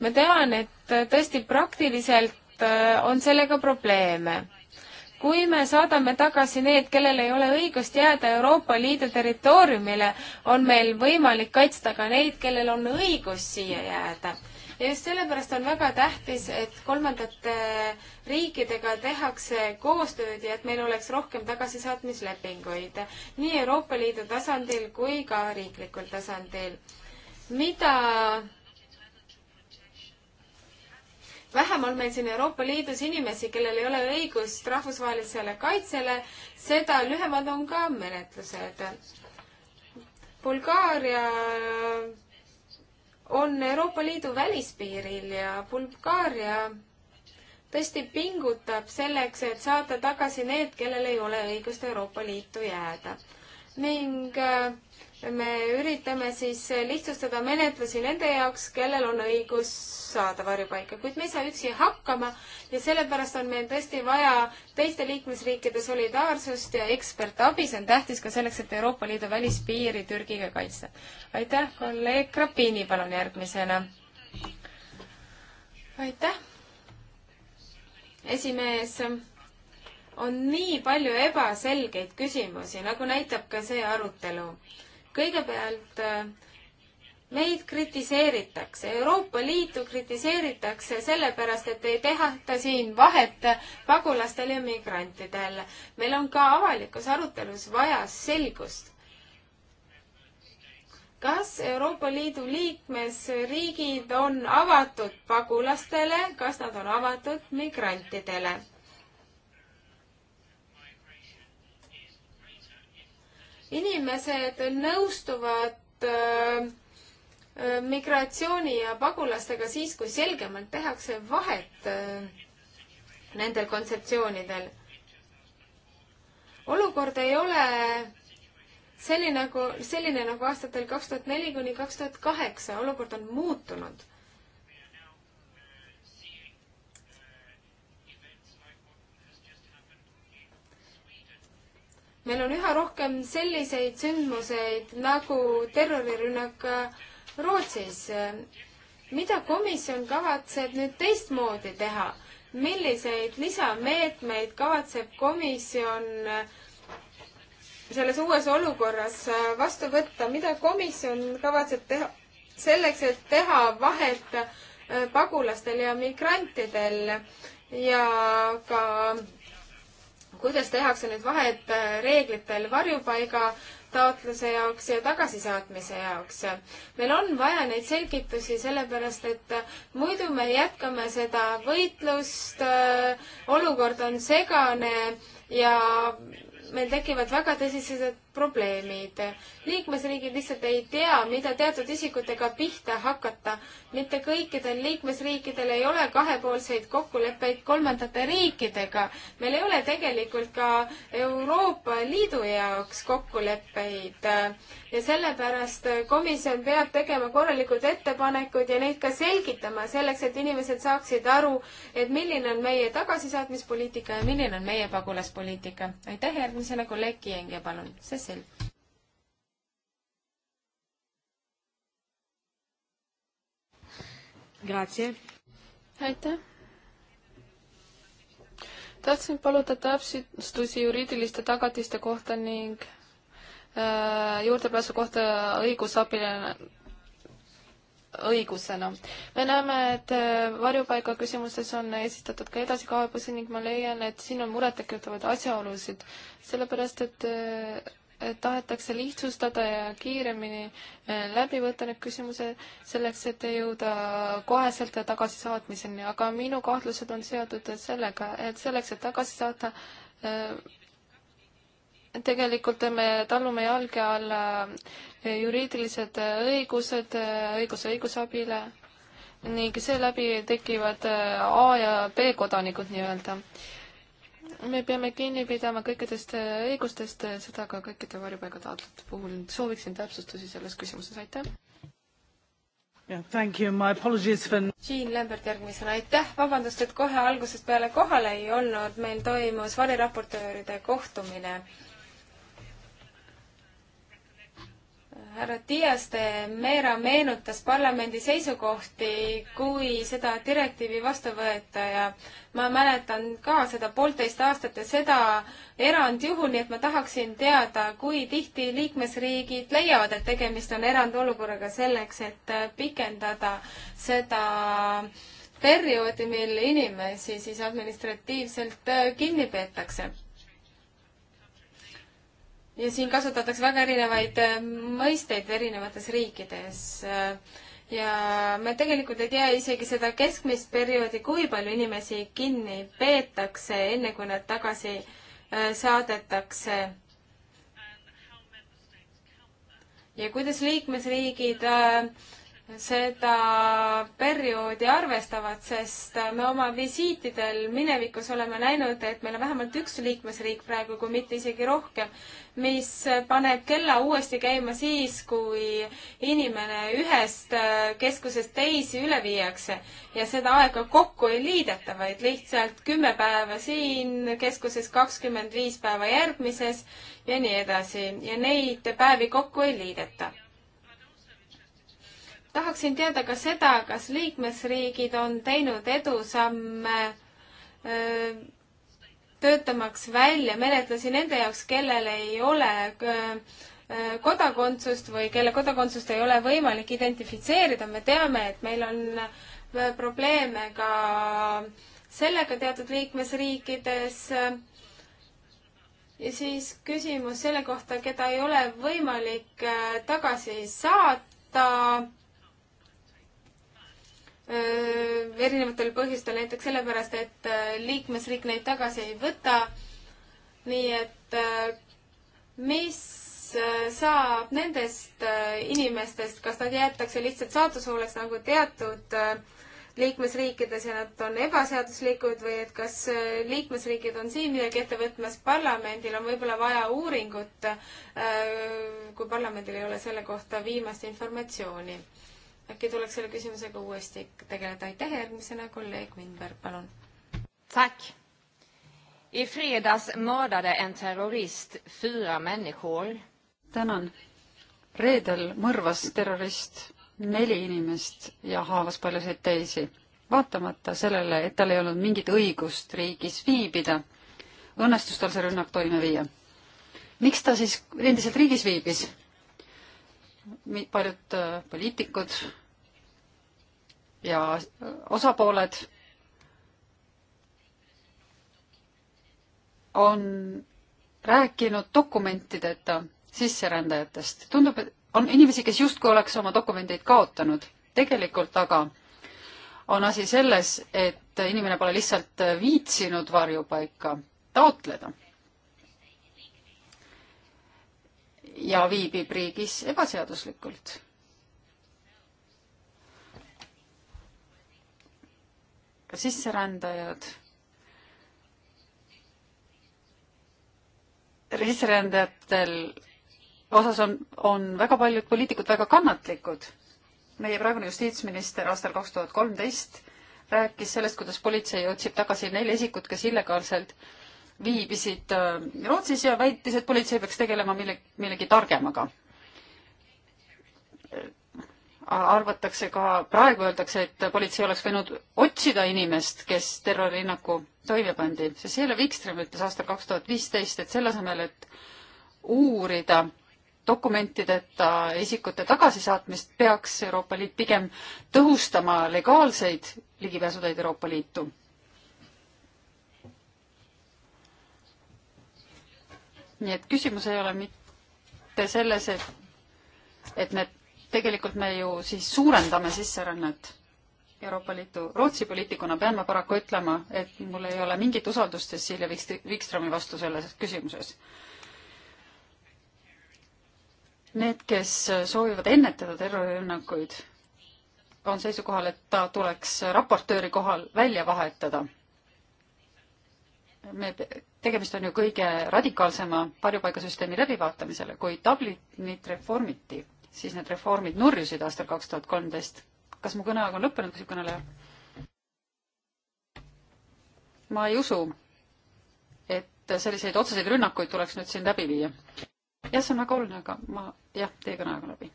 [SPEAKER 4] ma tean, et äh, tõesti praktiliselt äh, on sellega probleeme kui me saadame tagasi need, kellel ei ole õigust jääda Euroopa Liidu territooriumile, on meil võimalik kaitsta ka neid, kellel on õigus siia jääda. ja just sellepärast on väga tähtis, et kolmandate riikidega tehakse koostööd ja et meil oleks rohkem tagasisaatmislepinguid nii Euroopa Liidu tasandil kui ka riiklikul tasandil. mida vähem on meil siin Euroopa Liidus inimesi, kellel ei ole õigust rahvusvahelisele kaitsele, seda lühemad on ka menetlused. Bulgaaria äh, on Euroopa Liidu välispiiril ja Bulgaaria tõesti pingutab selleks, et saata tagasi need, kellel ei ole õigust Euroopa Liitu jääda. ning äh, me üritame siis lihtsustada menetlusi nende jaoks, kellel on õigus saada varjupaika, kuid me ei saa üksi hakkama ja sellepärast on meil tõesti vaja teiste liikmesriikide solidaarsust ja ekspertabi, see on tähtis ka selleks, et Euroopa Liidu välispiiri Türgiga kaitsta. aitäh, kolleeg Krapini, palun järgmisena. aitäh, esimees on nii palju ebaselgeid küsimusi, nagu näitab ka see arutelu kõigepealt äh, meid kritiseeritakse, Euroopa Liitu kritiseeritakse sellepärast, et ei tehta siin vahet pagulastel ja migrantidel. meil on ka avalikus arutelus vaja selgust. kas Euroopa Liidu liikmesriigid on avatud pagulastele, kas nad on avatud migrantidele? inimesed nõustuvad äh, äh, migratsiooni ja pagulastega siis, kui selgemalt tehakse vahet äh, nendel kontseptsioonidel. olukord ei ole selline nagu, selline nagu aastatel kaks tuhat neli kuni kaks tuhat kaheksa, olukord on muutunud meil on üha rohkem selliseid sündmuseid nagu terrorirünnak äh, Rootsis. mida komisjon kavatseb nüüd teistmoodi teha? milliseid lisameetmeid kavatseb komisjon äh, selles uues olukorras äh, vastu võtta, mida komisjon kavatseb teha selleks, et teha vahet pagulastel ja migrantidel ja ka kuidas tehakse nüüd vahet äh, reeglitel varjupaiga taotluse jaoks ja tagasisaatmise jaoks. meil on vaja neid selgitusi, sellepärast et äh, muidu me jätkame seda võitlust, äh, olukord on segane ja meil tekivad väga tõsised probleemid. liikmesriigid lihtsalt ei tea, mida teatud isikutega pihta hakata. mitte kõikidel liikmesriikidel ei ole kahepoolseid kokkuleppeid kolmandate riikidega. meil ei ole tegelikult ka Euroopa Liidu jaoks kokkuleppeid ja sellepärast komisjon peab tegema korralikud ettepanekud ja neid ka selgitama selleks, et inimesed saaksid aru, et milline on meie tagasisaatmispoliitika ja milline on meie pagulaspoliitika. aitäh järgmisele kolleeg Kiiengi ja palun viisil.
[SPEAKER 3] aitäh! tahtsin paluda täpsustusi juriidiliste tagatiste kohta ning äh, juurdepääsu kohta õigusabile õigusena. me näeme, et äh, varjupaiga küsimuses on esitatud ka edasikaebusi ning ma leian, et siin on murettekitavaid asjaolusid, sellepärast et äh, tahetakse lihtsustada ja kiiremini eh, läbi võtta need küsimused selleks, et jõuda koheselt tagasisaatmiseni, aga minu kahtlused on seotud sellega, et selleks, et tagasi saata, eh, tegelikult me tallume jalge alla eh, juriidilised õigused, õigus õigusabile ning seeläbi tekivad A ja B kodanikud nii-öelda me peame kinni pidama kõikidest äh, õigustest, äh, seda ka kõikide varjupaigataotlejate
[SPEAKER 4] puhul. sooviksin täpsustusi
[SPEAKER 3] selles küsimuses,
[SPEAKER 4] aitäh.
[SPEAKER 1] Yeah, thank you, my
[SPEAKER 2] apologies for.
[SPEAKER 4] Jean Lambert järgmisena, aitäh, vabandust, et kohe algusest peale kohal ei olnud, meil toimus variraportööride kohtumine härra Dias de Meera meenutas parlamendi seisukohti, kui seda direktiivi vastu võeta ja ma mäletan ka seda poolteist aastat ja seda erandjuhul, nii et ma tahaksin teada, kui tihti liikmesriigid leiavad, et tegemist on erandolukorraga selleks, et pikendada seda perioodi, mil inimesi siis administratiivselt kinni peetakse ja siin kasutatakse väga erinevaid äh, mõisteid erinevates riikides. Äh, ja me tegelikult ei tea isegi seda keskmist perioodi, kui palju inimesi kinni peetakse, enne kui nad tagasi äh, saadetakse. ja kuidas liikmesriigid äh, seda perioodi arvestavad, sest me oma visiitidel minevikus oleme näinud, et meil on vähemalt üks liikmesriik praegu, kui mitte isegi rohkem, mis paneb kella uuesti käima siis, kui inimene ühest keskusest teisi üle viiakse ja seda aega kokku ei liideta, vaid lihtsalt kümme päeva siin keskuses, kakskümmend viis päeva järgmises ja nii edasi ja neid päevi kokku ei liideta tahaksin teada ka seda, kas liikmesriigid on teinud edusamme töötamaks välja menetlusi nende jaoks, kellel ei ole kodakondsust või kelle kodakondsust ei ole võimalik identifitseerida. me teame, et meil on probleeme ka sellega teatud liikmesriikides. ja siis küsimus selle kohta, keda ei ole võimalik tagasi saata Äh, erinevatel põhjustel, näiteks sellepärast, et äh, liikmesriik neid tagasi ei võta. nii et äh, mis saab nendest inimestest, kas nad jäetakse lihtsalt saatusooleks nagu teatud liikmesriikides ja nad on ebaseaduslikud või et kas liikmesriigid on siin midagi ette võtmas, parlamendil on võib-olla vaja uuringut, kui parlamendil ei ole selle kohta viimast informatsiooni äkki tuleks selle küsimusega uuesti tegeleda. aitäh, järgmisena kolleeg Vinberg, palun. Tack. I fredags mördade en terrorist fyra människor. tänan.
[SPEAKER 2] reedel mõrvas terrorist neli inimest ja haavas paljusid teisi. vaatamata sellele, et tal ei olnud mingit õigust riigis viibida, õnnestus tal see rünnak toime viia. miks ta siis endiselt riigis viibis? paljud äh, poliitikud ja äh, osapooled on rääkinud dokumentideta sisserändajatest. tundub, et on inimesi, kes justkui oleks oma dokumendeid kaotanud. tegelikult aga on asi selles, et inimene pole lihtsalt viitsinud varjupaika taotleda ja viibib riigis ebaseaduslikult. ka sisserändajad, sisserändajatel osas on, on väga paljud poliitikud väga kannatlikud. meie praegune justiitsminister aastal kaks tuhat kolmteist rääkis sellest, kuidas politsei otsib tagasi neile isikut, kes illegaalselt viibisid äh, Rootsis ja väitis, et politsei peaks tegelema mille, millegi targemaga. Äh, arvatakse ka, praegu öeldakse, et politsei oleks võinud otsida inimest, kes terrorirünnaku toime pandi, sest Hele Wikström ütles aastal kaks tuhat viisteist, et selle asemel, et uurida dokumentideta isikute tagasisaatmist peaks Euroopa Liit pigem tõhustama legaalseid ligipääsuteid Euroopa Liitu. nii et küsimus ei ole mitte selles, et, et me tegelikult me ju siis suurendame sisserännet Euroopa Liitu. Rootsi poliitikuna pean ma paraku ütlema, et mul ei ole mingit usaldust Cecilia Wikströmi vastu selles küsimuses. Need, kes soovivad ennetada terrorirünnakuid, on seisukohal, et ta tuleks raportööri kohal välja vahetada me, tegemist on ju kõige radikaalsema varjupaigasüsteemi läbivaatamisele, kui Dublinit reformiti, siis need reformid nurjusid aastal kaks tuhat kolmteist. kas mu kõneaeg on lõppenud, küsib kõneleja? ma ei usu, et selliseid otseseid rünnakuid tuleks nüüd siin läbi viia. jah, see on väga oluline, aga ma,
[SPEAKER 4] jah, teie kõneaeg on läbi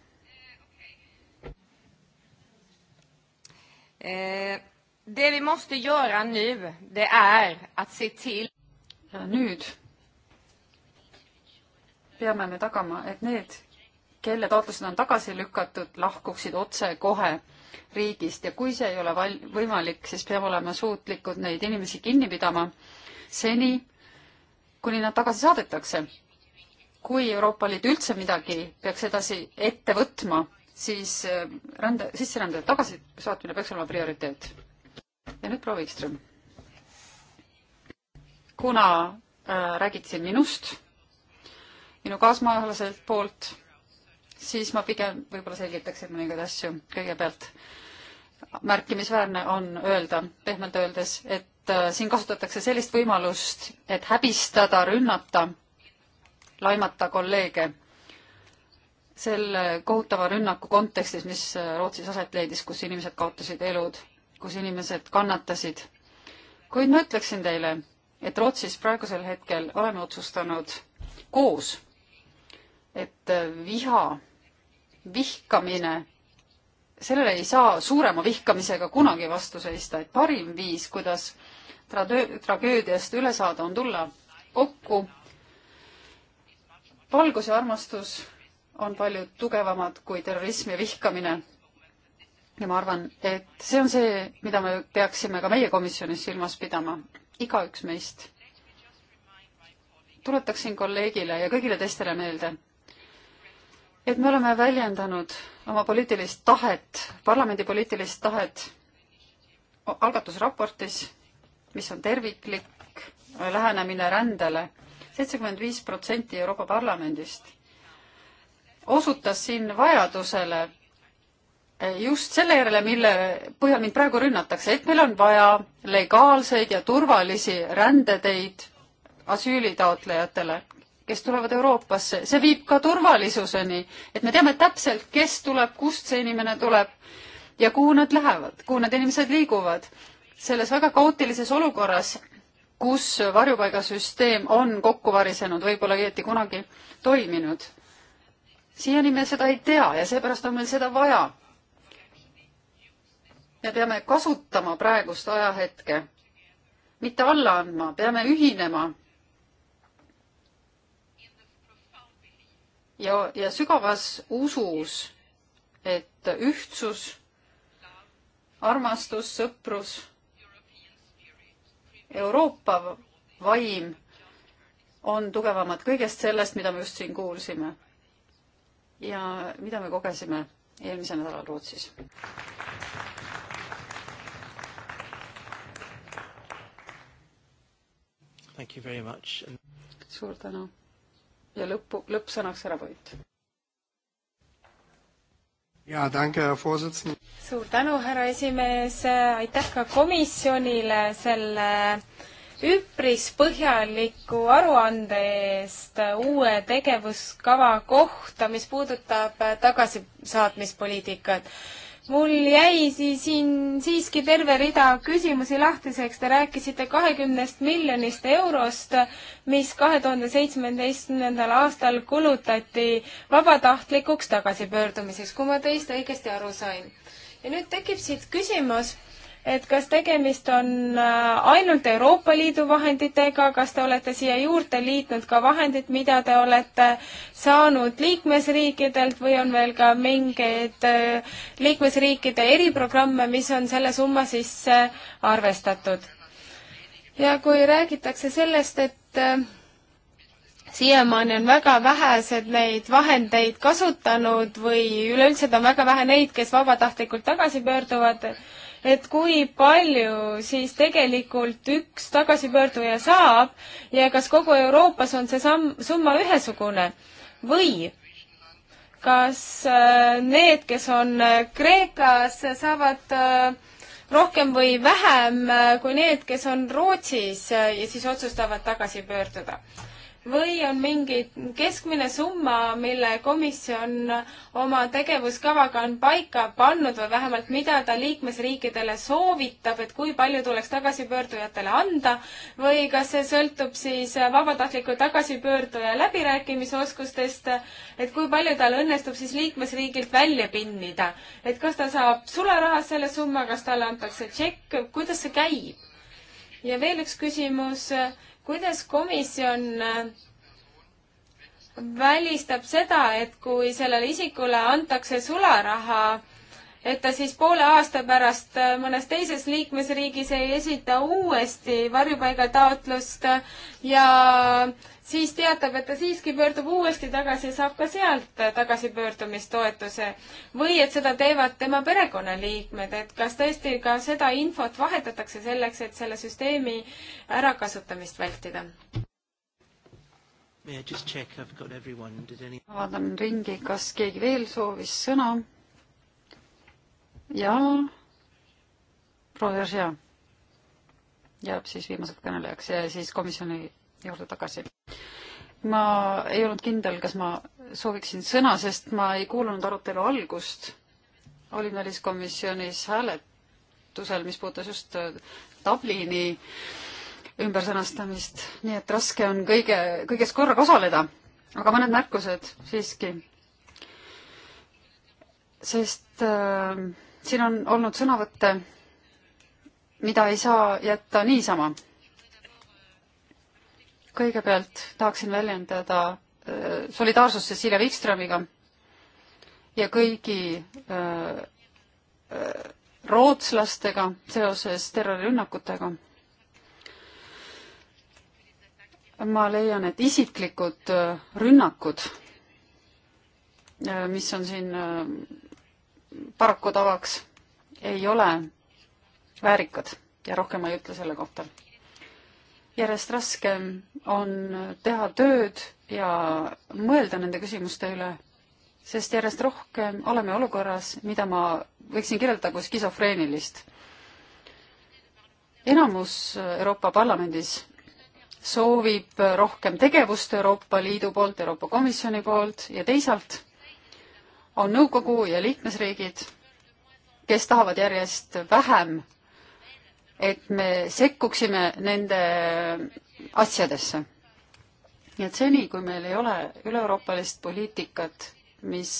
[SPEAKER 4] eh,. Det vi måste göra nu, det är att se till... Ja nüüd
[SPEAKER 2] peame me tagama, et need, kelle taotlused on tagasi lükatud, lahkuksid otse kohe riigist ja kui see ei ole val-, võimalik, siis peame olema suutlikud neid inimesi kinni pidama seni, kuni nad tagasi saadetakse. kui Euroopa Liit üldse midagi peaks edasi ette võtma, siis eh, rände, sisserändajate tagasisaatmine peaks olema prioriteet ja nüüd proua Wikström. kuna äh, räägid siin minust, minu kaasmaalaselt poolt, siis ma pigem võib-olla selgitaksin mõningaid asju kõigepealt. märkimisväärne on öelda, pehmelt öeldes, et äh, siin kasutatakse sellist võimalust, et häbistada, rünnata, laimata kolleege selle kohutava rünnaku kontekstis, mis äh, Rootsis aset leidis, kus inimesed kaotasid elud kus inimesed kannatasid. kuid ma ütleksin teile, et Rootsis praegusel hetkel oleme otsustanud koos, et viha, vihkamine, sellele ei saa suurema vihkamisega kunagi vastu seista, et parim viis, kuidas tragöö-, tragöödiast üle saada, on tulla kokku. valgus ja armastus on palju tugevamad kui terrorism ja vihkamine ja ma arvan, et see on see, mida me peaksime ka meie komisjonis silmas pidama, igaüks meist. tuletaksin kolleegile ja kõigile teistele meelde, et me oleme väljendanud oma poliitilist tahet, parlamendi poliitilist tahet algatusraportis, mis on terviklik lähenemine rändele. seitsekümmend viis protsenti Euroopa Parlamendist osutas siin vajadusele just selle järele, mille põhjal mind praegu rünnatakse, et meil on vaja legaalseid ja turvalisi rändeteid asüülitaotlejatele, kes tulevad Euroopasse. see viib ka turvalisuseni, et me teame täpselt, kes tuleb, kust see inimene tuleb ja kuhu nad lähevad, kuhu need inimesed liiguvad. selles väga kaootilises olukorras, kus varjupaigasüsteem on kokku varisenud, võib-olla õieti kunagi toiminud. siiani me seda ei tea ja seepärast on meil seda vaja me peame kasutama praegust ajahetke, mitte alla andma, peame ühinema. ja, ja sügavas usus, et ühtsus, armastus, sõprus, Euroopa vaim on tugevamad kõigest sellest, mida me just siin kuulsime ja mida me kogesime eelmisel nädalal Rootsis. Thank you very much. suur tänu ja lõppu, lõppsõnaks härra Võit.
[SPEAKER 1] Ja, danke, Herr Vorsitzende.
[SPEAKER 4] suur tänu, härra esimees, aitäh ka komisjonile selle üpris põhjaliku aruande eest uue tegevuskava kohta, mis puudutab tagasisaatmispoliitikat mul jäi siis siin siiski terve rida küsimusi lahtiseks, te rääkisite kahekümnest miljonist eurost, mis kahe tuhande seitsmeteistkümnendal aastal kulutati vabatahtlikuks tagasipöördumiseks, kui ma teist õigesti aru sain. ja nüüd tekib siit küsimus et kas tegemist on äh, ainult Euroopa Liidu vahenditega, kas te olete siia juurde liitnud ka vahendid, mida te olete saanud liikmesriikidelt või on veel ka mingeid äh, liikmesriikide eriprogramme, mis on selle summa sisse arvestatud? ja kui räägitakse sellest, et äh, siiamaani on väga vähesed neid vahendeid kasutanud või üleüldse on väga vähe neid, kes vabatahtlikult tagasi pöörduvad, et kui palju siis tegelikult üks tagasipöörduja saab ja kas kogu Euroopas on see samm, summa ühesugune või kas äh, need, kes on äh, Kreekas, saavad äh, rohkem või vähem kui need, kes on Rootsis ja siis otsustavad tagasi pöörduda või on mingi keskmine summa, mille komisjon oma tegevuskavaga on paika pannud või vähemalt mida ta liikmesriikidele soovitab, et kui palju tuleks tagasipöördujatele anda või kas see sõltub siis vabatahtliku tagasipöörduja läbirääkimisoskustest, et kui palju tal õnnestub siis liikmesriigilt välja pinnida, et kas ta saab sularahas selle summa, kas talle antakse tšekk, kuidas see käib? ja veel üks küsimus kuidas komisjon äh, välistab seda, et kui sellele isikule antakse sularaha, et ta siis poole aasta pärast äh, mõnes teises liikmesriigis ei esita uuesti varjupaigataotlust ja siis teatab, et ta siiski pöördub uuesti tagasi ja saab ka sealt äh, tagasipöördumistoetuse. või et seda teevad tema perekonnaliikmed, et kas tõesti ka seda infot vahetatakse selleks, et selle süsteemi ärakasutamist vältida?
[SPEAKER 1] ma vaatan ringi,
[SPEAKER 2] kas keegi veel soovis sõna ja proua Veržia jääb siis viimaseks kõnelejaks ja siis komisjoni juurde tagasi. ma ei olnud kindel, kas ma sooviksin sõna, sest ma ei kuulanud arutelu algust. olin väliskomisjonis hääletusel, mis puudutas just äh, Dublini ümbersõnastamist, nii et raske on kõige, kõiges korraga osaleda. aga mõned märkused siiski. sest äh, siin on olnud sõnavõtte, mida ei saa jätta niisama. kõigepealt tahaksin väljendada äh, solidaarsust Cecilia Wikströmiga ja kõigi öö, äh, öö, äh, rootslastega seoses terrorirünnakutega. ma leian, et isiklikud rünnakud, mis on siin paraku tavaks, ei ole väärikad ja rohkem ma ei ütle selle kohta. järjest raskem on teha tööd ja mõelda nende küsimuste üle, sest järjest rohkem oleme olukorras, mida ma võiksin kirjeldada kui skisofreenilist. enamus Euroopa Parlamendis soovib rohkem tegevust Euroopa Liidu poolt, Euroopa Komisjoni poolt ja teisalt on nõukogu ja liikmesriigid, kes tahavad järjest vähem, et me sekkuksime nende asjadesse. nii et seni, kui meil ei ole üle-euroopalist poliitikat, mis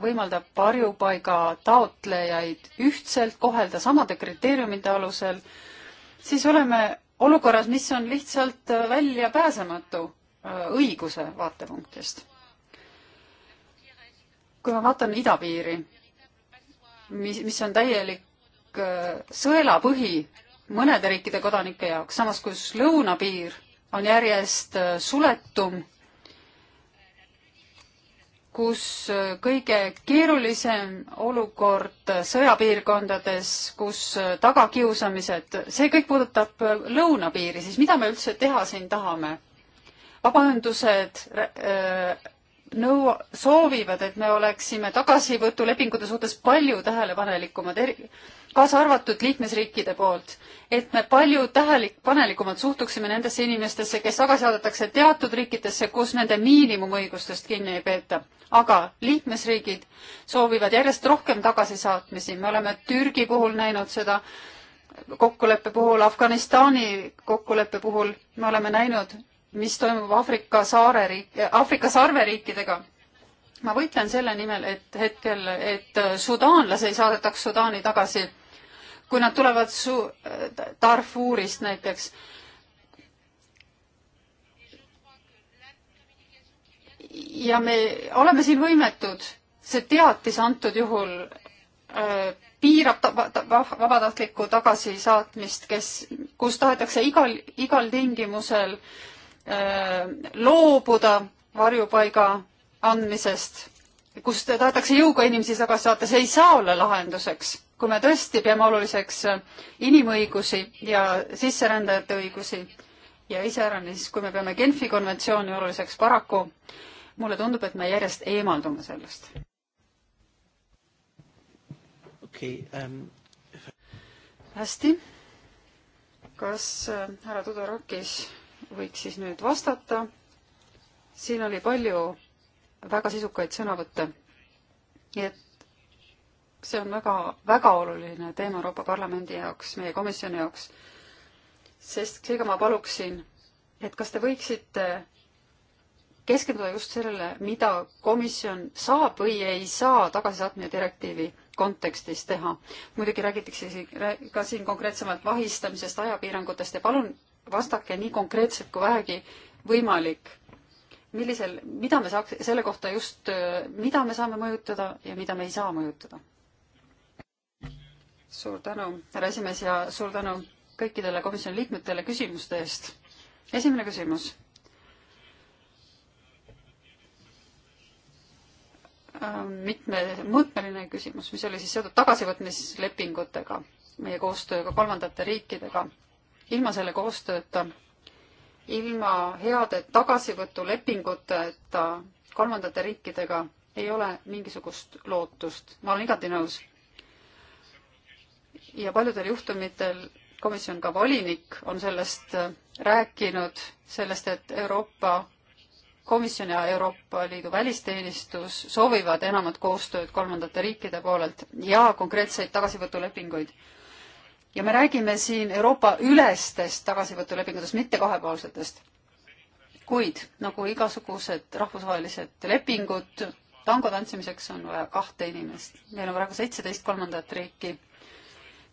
[SPEAKER 2] võimaldab varjupaiga taotlejaid ühtselt kohelda samade kriteeriumide alusel, siis oleme olukorras, mis on lihtsalt väljapääsematu äh, õiguse vaatepunktist kui ma vaatan idapiiri, mis, mis on täielik äh, sõelapõhi mõnede riikide kodanike jaoks, samas kus lõunapiir on järjest äh, suletum, kus äh, kõige keerulisem olukord sõjapiirkondades, kus tagakiusamised, see kõik puudutab lõunapiiri, siis mida me üldse teha siin tahame? vabaühendused äh, nõu, soovivad, et me oleksime tagasivõtulepingute suhtes palju tähelepanelikumad, kaasa arvatud liikmesriikide poolt, et me palju tähelepanelikumalt suhtuksime nendesse inimestesse, kes tagasi saadetakse teatud riikidesse, kus nende miinimumõigustest kinni ei peeta. aga liikmesriigid soovivad järjest rohkem tagasisaatmisi, me oleme Türgi puhul näinud seda, kokkuleppe puhul, Afganistani kokkuleppe puhul me oleme näinud mis toimub Aafrika saareriik, Aafrika sarveriikidega. ma võitlen selle nimel, et hetkel, et äh, sudaanlasi ei saadetaks Sudaani tagasi, kui nad tulevad su-, äh, Darfurist näiteks ja me oleme siin võimetud, see teatis antud juhul öö, äh, piirab ta, ta, vabatahtlikku tagasisaatmist, kes, kus tahetakse igal, igal tingimusel loobuda varjupaiga andmisest, kust tahetakse jõuga inimesi tagasi saata, see ei saa olla lahenduseks. kui me tõesti peame oluliseks inimõigusi ja sisserändajate õigusi ja iseäranis, kui me peame Genfi konventsiooni oluliseks, paraku mulle tundub, et me järjest eemaldume sellest.
[SPEAKER 1] okei okay, um.... Ähm,
[SPEAKER 2] hästi. kas äh, härra Todorakis võiks siis nüüd vastata. siin oli palju väga sisukaid sõnavõtte. nii et see on väga, väga oluline teema Euroopa Parlamendi jaoks, meie komisjoni jaoks. sest seega ma paluksin, et kas te võiksite keskenduda just sellele, mida komisjon saab või ei saa tagasisaatmine direktiivi kontekstis teha. muidugi räägitakse ka siin konkreetsemalt vahistamisest, ajapiirangutest ja palun vastake nii konkreetselt kui vähegi võimalik, millisel, mida me saaks selle kohta just, mida me saame mõjutada ja mida me ei saa mõjutada. suur tänu, härra esimees ja suur tänu kõikidele komisjoni liikmetele küsimuste eest. esimene küsimus. Ähm, mitmemõõtmeline küsimus, mis oli siis seotud tagasivõtmislepingutega, meie koostööga kolmandate riikidega ilma selle koostööta, ilma heade tagasivõtulepinguteta kolmandate riikidega ei ole mingisugust lootust. ma olen igati nõus. ja paljudel juhtumitel komisjon ka volinik on sellest rääkinud, sellest, et Euroopa Komisjon ja Euroopa Liidu välisteenistus soovivad enamat koostööd kolmandate riikide poolelt ja konkreetseid tagasivõtulepinguid ja me räägime siin Euroopa ülestest tagasivõtulepingutest, mitte kahepoolsetest. kuid nagu igasugused rahvusvahelised lepingud, tango tantsimiseks on vaja kahte inimest. meil on praegu seitseteist kolmandat riiki,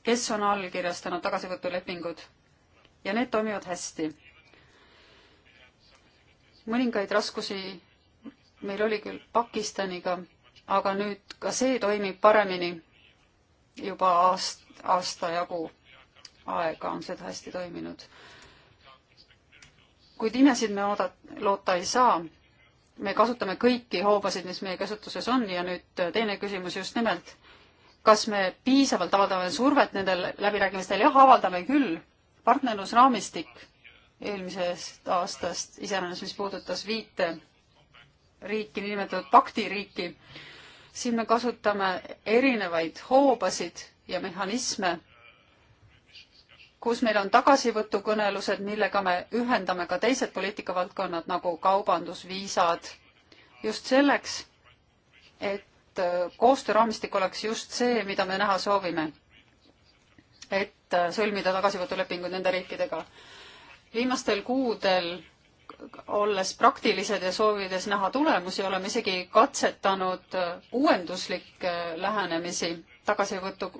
[SPEAKER 2] kes on allkirjastanud tagasivõtulepingud ja need toimivad hästi. mõningaid raskusi meil oli küll Pakistaniga, aga nüüd ka see toimib paremini juba aast-, aasta jagu aega on seda hästi toiminud. kuid imesid me oodat-, loota ei saa. me kasutame kõiki hoobasid, mis meie käsutuses on ja nüüd teine küsimus just nimelt, kas me piisavalt avaldame survet nendel läbirääkimistel, jah, avaldame küll, partnerlusraamistik eelmisest aastast iseäranis, mis puudutas viite riiki, niinimetatud paktiriiki, siin me kasutame erinevaid hoobasid ja mehhanisme, kus meil on tagasivõtukõnelused, millega me ühendame ka teised poliitikavaldkonnad nagu kaubandus, viisad, just selleks, et äh, koostööraamistik oleks just see, mida me näha soovime. et äh, sõlmida tagasivõtulepingud nende riikidega. viimastel kuudel olles praktilised ja soovides näha tulemusi, oleme isegi katsetanud äh, uuenduslikke lähenemisi tagasivõtu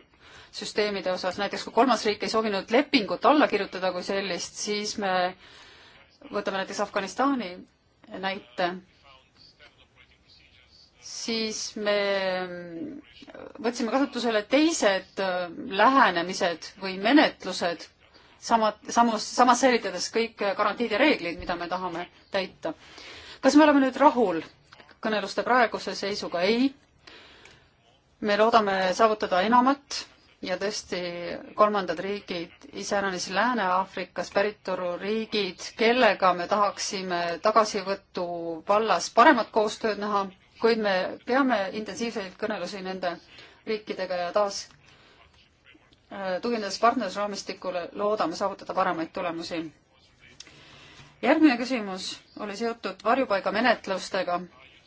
[SPEAKER 2] süsteemide osas, näiteks kui kolmas riik ei soovinud lepingut alla kirjutada kui sellist, siis me võtame näiteks Afganistani näite, siis me võtsime kasutusele teised lähenemised või menetlused, samad, samas, samas säilitades kõik garantiid ja reeglid, mida me tahame täita. kas me oleme nüüd rahul kõneluste praeguse seisuga? ei. me loodame saavutada enamat ja tõesti kolmandad riigid, iseäranis Lääne-Aafrikas päritoluriigid, kellega me tahaksime tagasivõtu vallas paremat koostööd näha, kuid me peame intensiivseid kõnelusi nende riikidega ja taas äh, tuginedes partnerlusraamistikule loodame saavutada paremaid tulemusi. järgmine küsimus oli seotud varjupaigamenetlustega.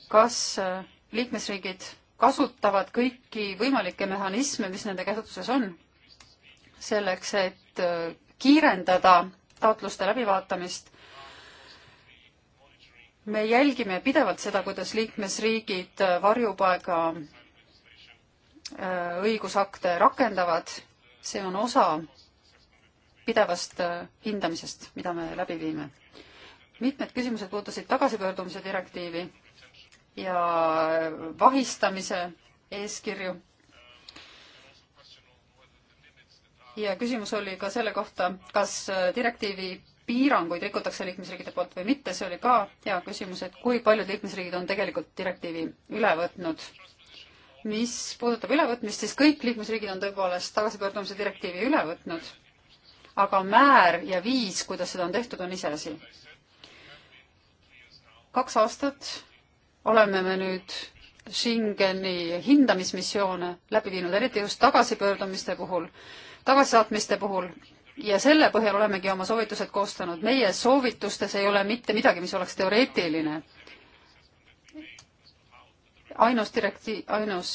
[SPEAKER 2] kas äh, liikmesriigid kasutavad kõiki võimalikke mehhanisme, mis nende käsutuses on, selleks, et äh, kiirendada taotluste läbivaatamist. me jälgime pidevalt seda, kuidas liikmesriigid äh, varjupaiga äh, õigusakte rakendavad, see on osa pidevast hindamisest, mida me läbi viime. mitmed küsimused puudutasid tagasipöördumise direktiivi ja vahistamise eeskirju. ja küsimus oli ka selle kohta, kas direktiivi piiranguid rikutakse liikmesriikide poolt või mitte, see oli ka hea küsimus, et kui paljud liikmesriigid on tegelikult direktiivi üle võtnud. mis puudutab ülevõtmist, siis kõik liikmesriigid on tõepoolest tagasipöördumise direktiivi üle võtnud, aga määr ja viis, kuidas seda on tehtud, on iseasi. kaks aastat oleme me nüüd Schengeni hindamismissioone läbi viinud, eriti just tagasipöördumiste puhul, tagasisaatmiste puhul ja selle põhjal olemegi oma soovitused koostanud. meie soovitustes ei ole mitte midagi, mis oleks teoreetiline. ainus direkti-, ainus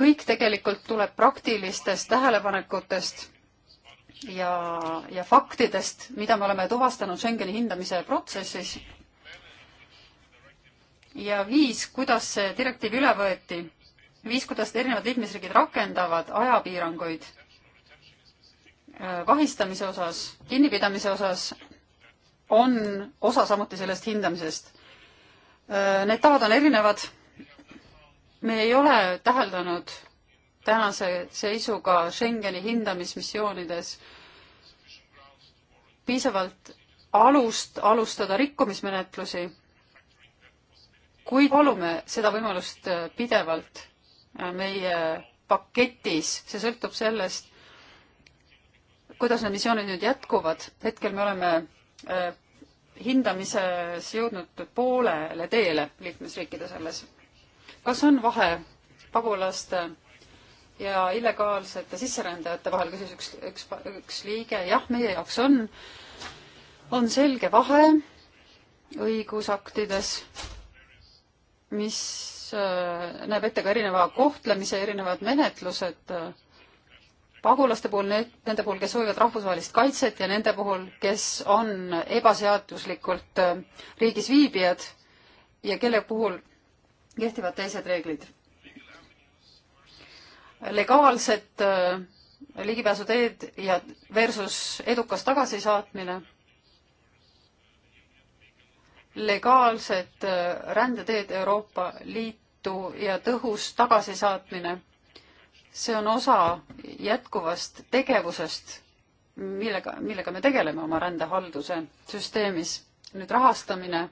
[SPEAKER 2] kõik tegelikult tuleb praktilistest tähelepanekutest ja, ja faktidest, mida me oleme tuvastanud Schengeni hindamise protsessis ja viis, kuidas see direktiiv üle võeti, viis, kuidas erinevad liikmesriigid rakendavad ajapiiranguid äh, vahistamise osas, kinnipidamise osas, on osa samuti sellest hindamisest. Äh, need tavad on erinevad. me ei ole täheldanud tänase seisuga Schengeni hindamismissioonides piisavalt alust alustada rikkumismenetlusi kui palume seda võimalust äh, pidevalt äh, meie paketis, see sõltub sellest, kuidas need missioonid nüüd jätkuvad, hetkel me oleme äh, hindamises jõudnud poolele teele liikmesriikide selles. kas on vahe pagulaste ja illegaalsete sisserändajate vahel, küsis üks, üks, üks liige, jah, meie jaoks on, on selge vahe õigusaktides mis äh, näeb ette ka erineva kohtlemise, erinevad menetlused äh, pagulaste puhul, need, nende puhul, kes soovivad rahvusvahelist kaitset ja nende puhul, kes on ebaseaduslikult äh, riigis viibijad ja kelle puhul kehtivad teised reeglid. legaalsed ligipääsuteed ja versus edukas tagasisaatmine legaalsed äh, rändeteed Euroopa Liitu ja tõhus tagasisaatmine. see on osa jätkuvast tegevusest, millega, millega me tegeleme oma rändehalduse süsteemis. nüüd rahastamine,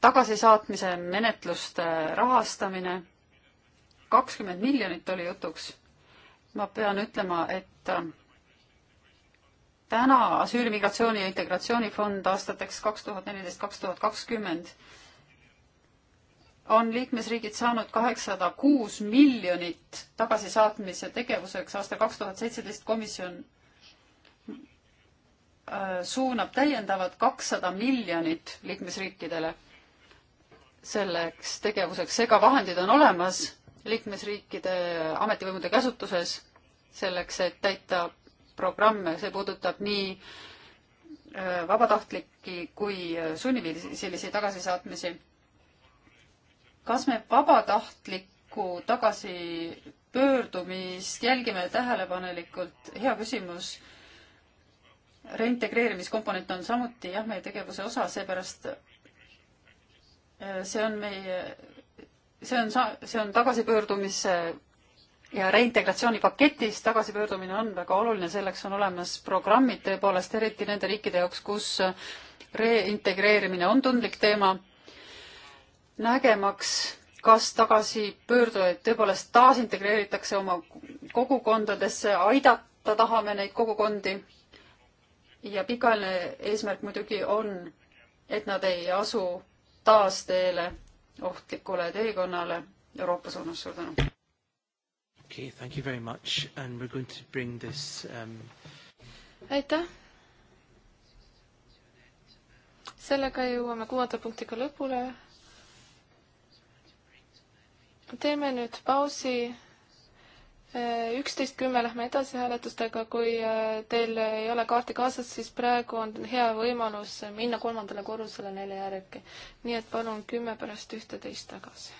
[SPEAKER 2] tagasisaatmise menetluste rahastamine, kakskümmend miljonit oli jutuks. ma pean ütlema, et äh, täna asüülimigratsiooni ja integratsioonifond aastateks kaks tuhat neliteist, kaks tuhat kakskümmend on liikmesriigid saanud kaheksasada kuus miljonit tagasisaatmise tegevuseks. aastal kaks tuhat seitseteist komisjon äh, suunab täiendavat kakssada miljonit liikmesriikidele selleks tegevuseks. seega vahendid on olemas liikmesriikide ametivõimude käsutuses selleks, et täita programme, see puudutab nii äh, vabatahtlikke kui äh, sunniviisilisi tagasisaatmisi. kas me vabatahtlikku tagasipöördumist jälgime tähelepanelikult? hea küsimus. reintegreerimiskomponent on samuti jah, meie tegevuse osa, seepärast äh, see on meie, see on, see on tagasipöördumise ja reintegratsioonipaketis tagasipöördumine on väga oluline, selleks on olemas programmid tõepoolest, eriti nende riikide jaoks, kus reintegreerimine on tundlik teema, nägemaks, kas tagasipöördujaid tõepoolest taasintegreeritakse oma kogukondadesse, aidata tahame neid kogukondi ja pikaajaline eesmärk muidugi on, et nad ei asu taasteele ohtlikule teekonnale Euroopa suunas. suur tänu!
[SPEAKER 1] Okay, thank you very much and we're going to bring this um...
[SPEAKER 3] aitäh. sellega jõuame kuuenda punktiga lõpule. teeme nüüd pausi. Eh, üksteist kümme lähme edasi hääletustega, kui eh, teil ei ole kaarti kaasas, siis praegu on hea võimalus minna kolmandale korrusele nelja järgi. nii et palun kümme pärast ühteteist tagasi.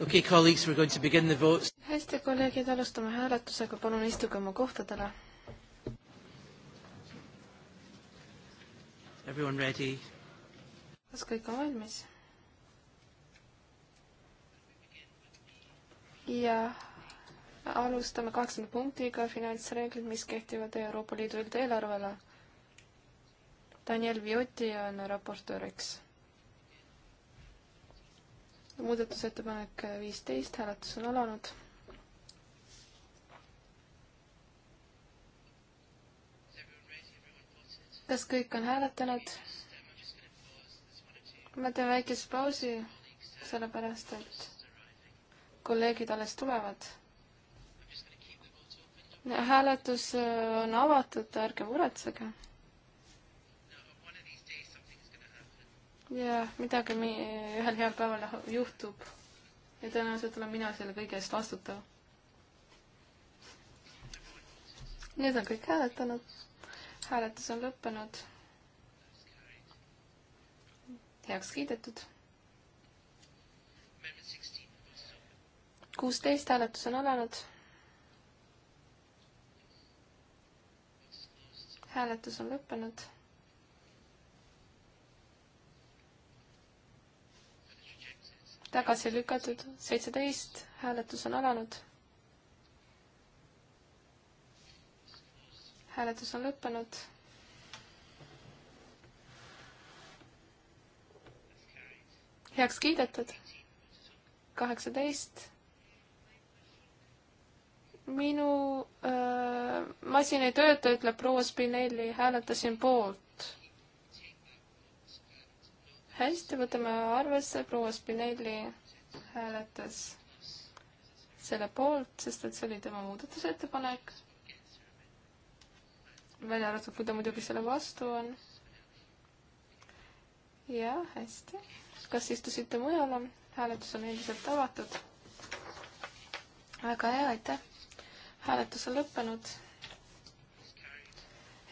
[SPEAKER 1] okay, colleagues, we are going to begin the votes.
[SPEAKER 3] hästi, kolleegid, alustame hääletusega, palun istuge oma kohtadele.
[SPEAKER 1] Everyone ready?
[SPEAKER 3] kas kõik on valmis? ja alustame kaheksanda punktiga finantsreeglid, mis kehtivad Euroopa Liidu üldeelarvele. Daniel Vioti on raportööriks muudatusettepanek viisteist, hääletus on alanud. kas kõik on hääletanud? ma teen väikese pausi, sellepärast et kolleegid alles tulevad. hääletus on avatud, ärge muretsege ja midagi ühel heal päeval juhtub. ja tõenäoliselt olen mina selle kõige eest vastutav. nüüd on kõik hääletanud. hääletus on lõppenud. heaks kiidetud. kuusteist hääletus on alanud. hääletus on lõppenud tagasi lükatud, seitseteist, hääletus on alanud. hääletus on lõppenud. heaks kiidetud, kaheksateist minu öö, masin ei tööta, ütleb proua Spinelli, hääletasin poolt hästi, võtame arvesse, proua Spinelli hääletas selle poolt, sest et see oli tema muudatusettepanek. välja arvatud, kui ta muidugi selle vastu on. jah, hästi. kas istusite mujal? hääletus on endiselt avatud. väga hea, aitäh. hääletus on lõppenud.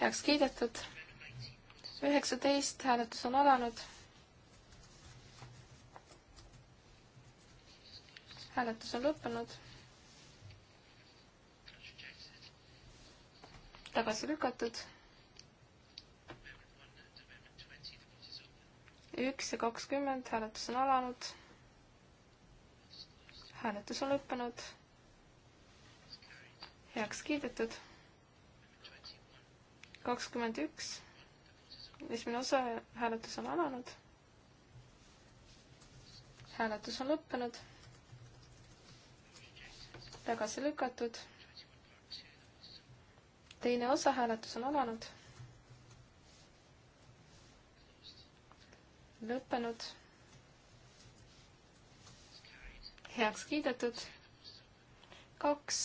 [SPEAKER 3] heaks kiidetud. üheksateist hääletus on alanud hääletus on lõppenud. tagasi lükatud. üks ja kakskümmend, hääletus on alanud. hääletus on lõppenud. heaks kiidetud. kakskümmend üks, esimene osa, hääletus on alanud. hääletus on lõppenud tagasi lükatud. teine osa hääletus on alanud. lõppenud. heaks kiidetud. kaks,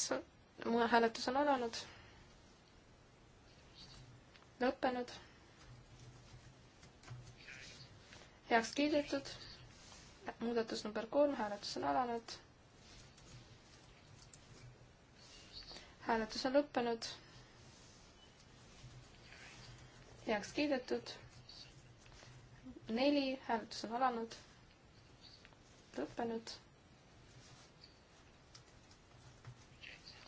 [SPEAKER 3] hääletus on alanud. lõppenud. heaks kiidetud. muudatus number kolm, hääletus on alanud hääletus on lõppenud. heaks kiidetud. neli, hääletus on alanud. lõppenud.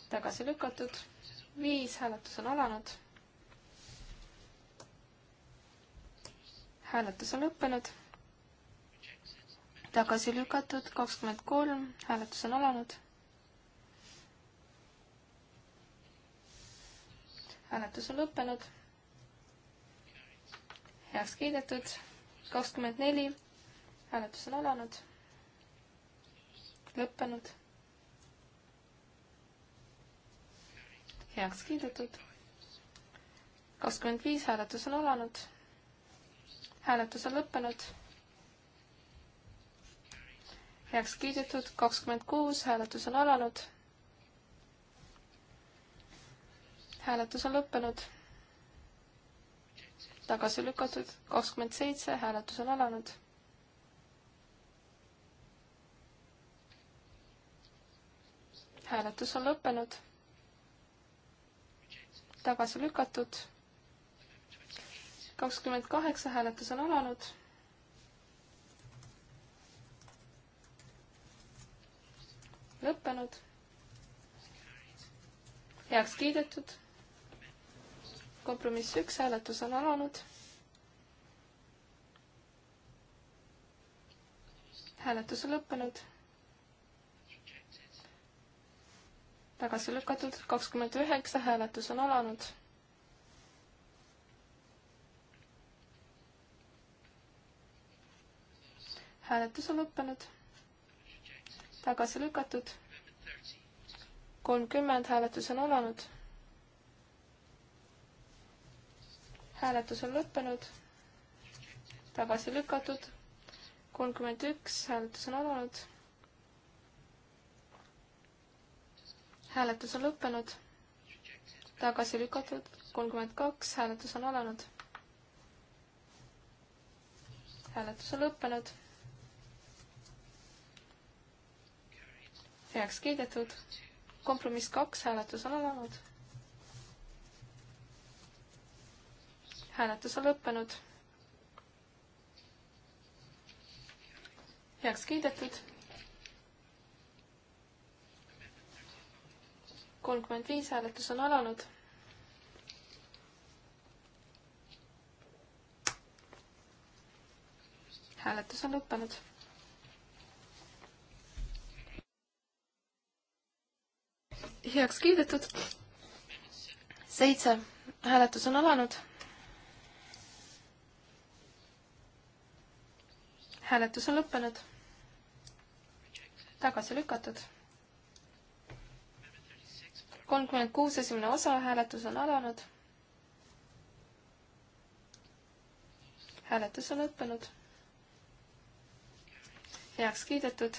[SPEAKER 3] tagasi lükatud. viis, hääletus on alanud. hääletus on lõppenud. tagasi lükatud, kakskümmend kolm, hääletus on alanud hääletus on lõppenud. heaks kiidetud. kakskümmend neli, hääletus on alanud. lõppenud. heaks kiidetud. kakskümmend viis, hääletus on alanud. hääletus on lõppenud heaks kiidetud, kakskümmend kuus, hääletus on alanud. hääletus on lõppenud. tagasi lükatud, kakskümmend seitse, hääletus on alanud. hääletus on lõppenud. tagasi lükatud. kakskümmend kaheksa, hääletus on alanud. lõppenud. heaks kiidetud kompromiss üks, hääletus on alanud. hääletus on lõppenud. tagasi lükatud, kakskümmend üheksa, hääletus on alanud. hääletus on lõppenud. tagasi lükatud. kolmkümmend, hääletus on alanud hääletus on lõppenud, tagasi lükatud, kolmkümmend üks, hääletus on alanud. hääletus on lõppenud, tagasi lükatud, kolmkümmend kaks, hääletus on alanud. hääletus on lõppenud heaks kiidetud. kompromiss kaks hääletus on alanud. hääletus on lõppenud. heaks kiidetud. kolmkümmend viis hääletus on alanud. hääletus on lõppenud. heaks kiidetud. seitse hääletus on alanud hääletus on lõppenud. tagasi lükatud. kolmkümmend kuus esimene osa, hääletus on alanud. hääletus on lõppenud. heaks kiidetud.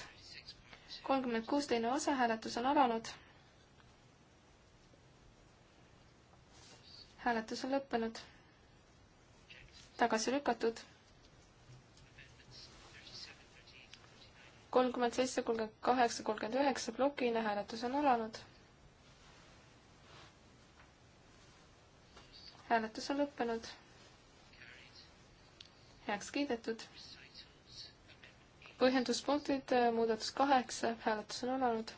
[SPEAKER 3] kolmkümmend kuus teine osa, hääletus on alanud. hääletus on lõppenud. tagasi lükatud kolmkümmend seitse, kolmkümmend kaheksa, kolmkümmend üheksa plokina hääletus on alanud. hääletus on lõppenud. heaks kiidetud. põhjenduspunktid, äh, muudatus kaheksa, hääletus on alanud.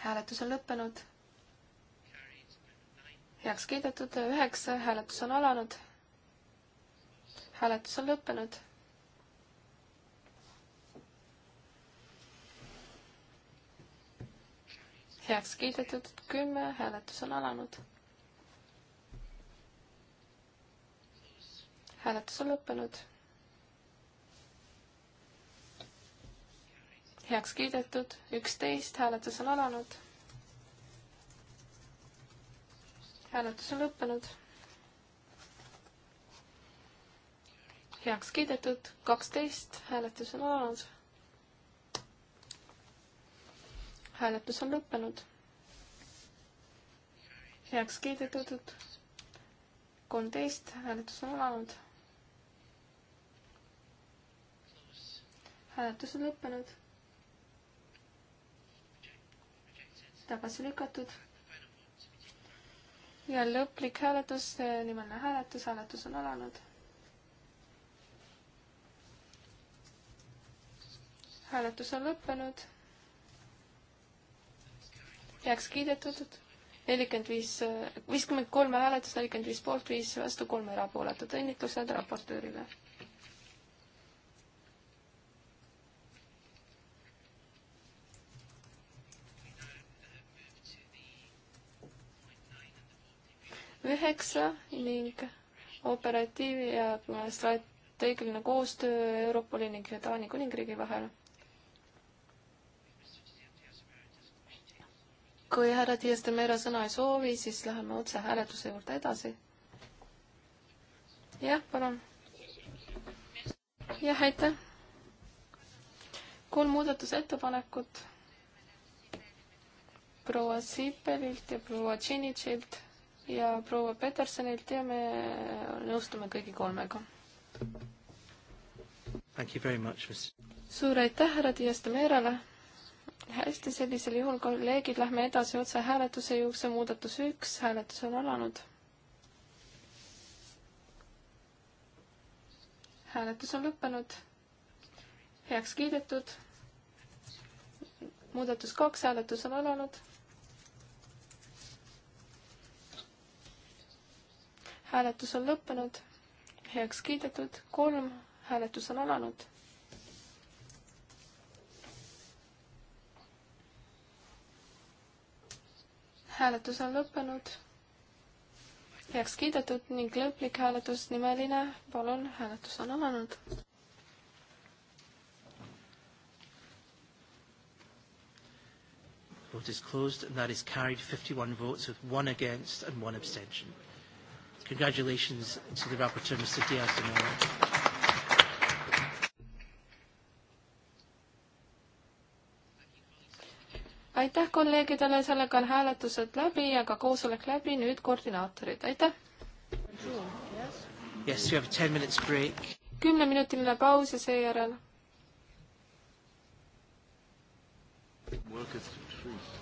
[SPEAKER 3] hääletus on lõppenud. heaks kiidetud, äh, üheksa, hääletus on alanud. hääletus on lõppenud heaks kiidetud, kümme, hääletus on alanud. hääletus on lõppenud. heaks kiidetud, üksteist, hääletus on alanud. hääletus on lõppenud. heaks kiidetud, kaksteist, hääletus on alanud hääletus on lõppenud. heaks kiidetud. kolmteist, hääletus on alanud. hääletus on lõppenud. tagasi lükatud. ja lõplik hääletus, nimeline hääletus, hääletus on alanud hääletus on lõppenud heaks kiidetud, nelikümmend viis, viiskümmend kolm hääletust, nelikümmend viis poolt, viis vastu, kolm erapooletut. õnnitlused raportöörile. üheksa ning operatiiv- ja strateegiline koostöö Europoli ning Taani kuningriigi vahel kui härra Dias de Mera sõna ei soovi, siis läheme otse hääletuse juurde edasi. jah, palun. jah, aitäh. kolm muudatusettepanekut proua Siipelilt ja proua Tšinitšilt ja proua Petersonilt ja me nõustume kõigi kolmega. suur aitäh härra Diastameerale hästi, sellisel juhul, kolleegid, lähme edasi otse hääletuse juurde, muudatus üks, hääletus on alanud. hääletus on lõppenud, heaks kiidetud. muudatus kaks, hääletus on alanud. hääletus on lõppenud, heaks kiidetud, kolm, hääletus on alanud hääletus on lõppenud, heaks kiidetud ning lõplik hääletus nimeline, palun, hääletus on alanud.
[SPEAKER 1] Vote is closed and that is carried 51 votes with one against and one abstention. Congratulations to the rapporteur, Mr. Diaz de Mera.
[SPEAKER 3] aitäh kolleegidele, sellega on hääletused läbi ja ka koosolek läbi, nüüd koordinaatorid, aitäh! kümneminutiline paus ja seejärel.
[SPEAKER 4] Work at three.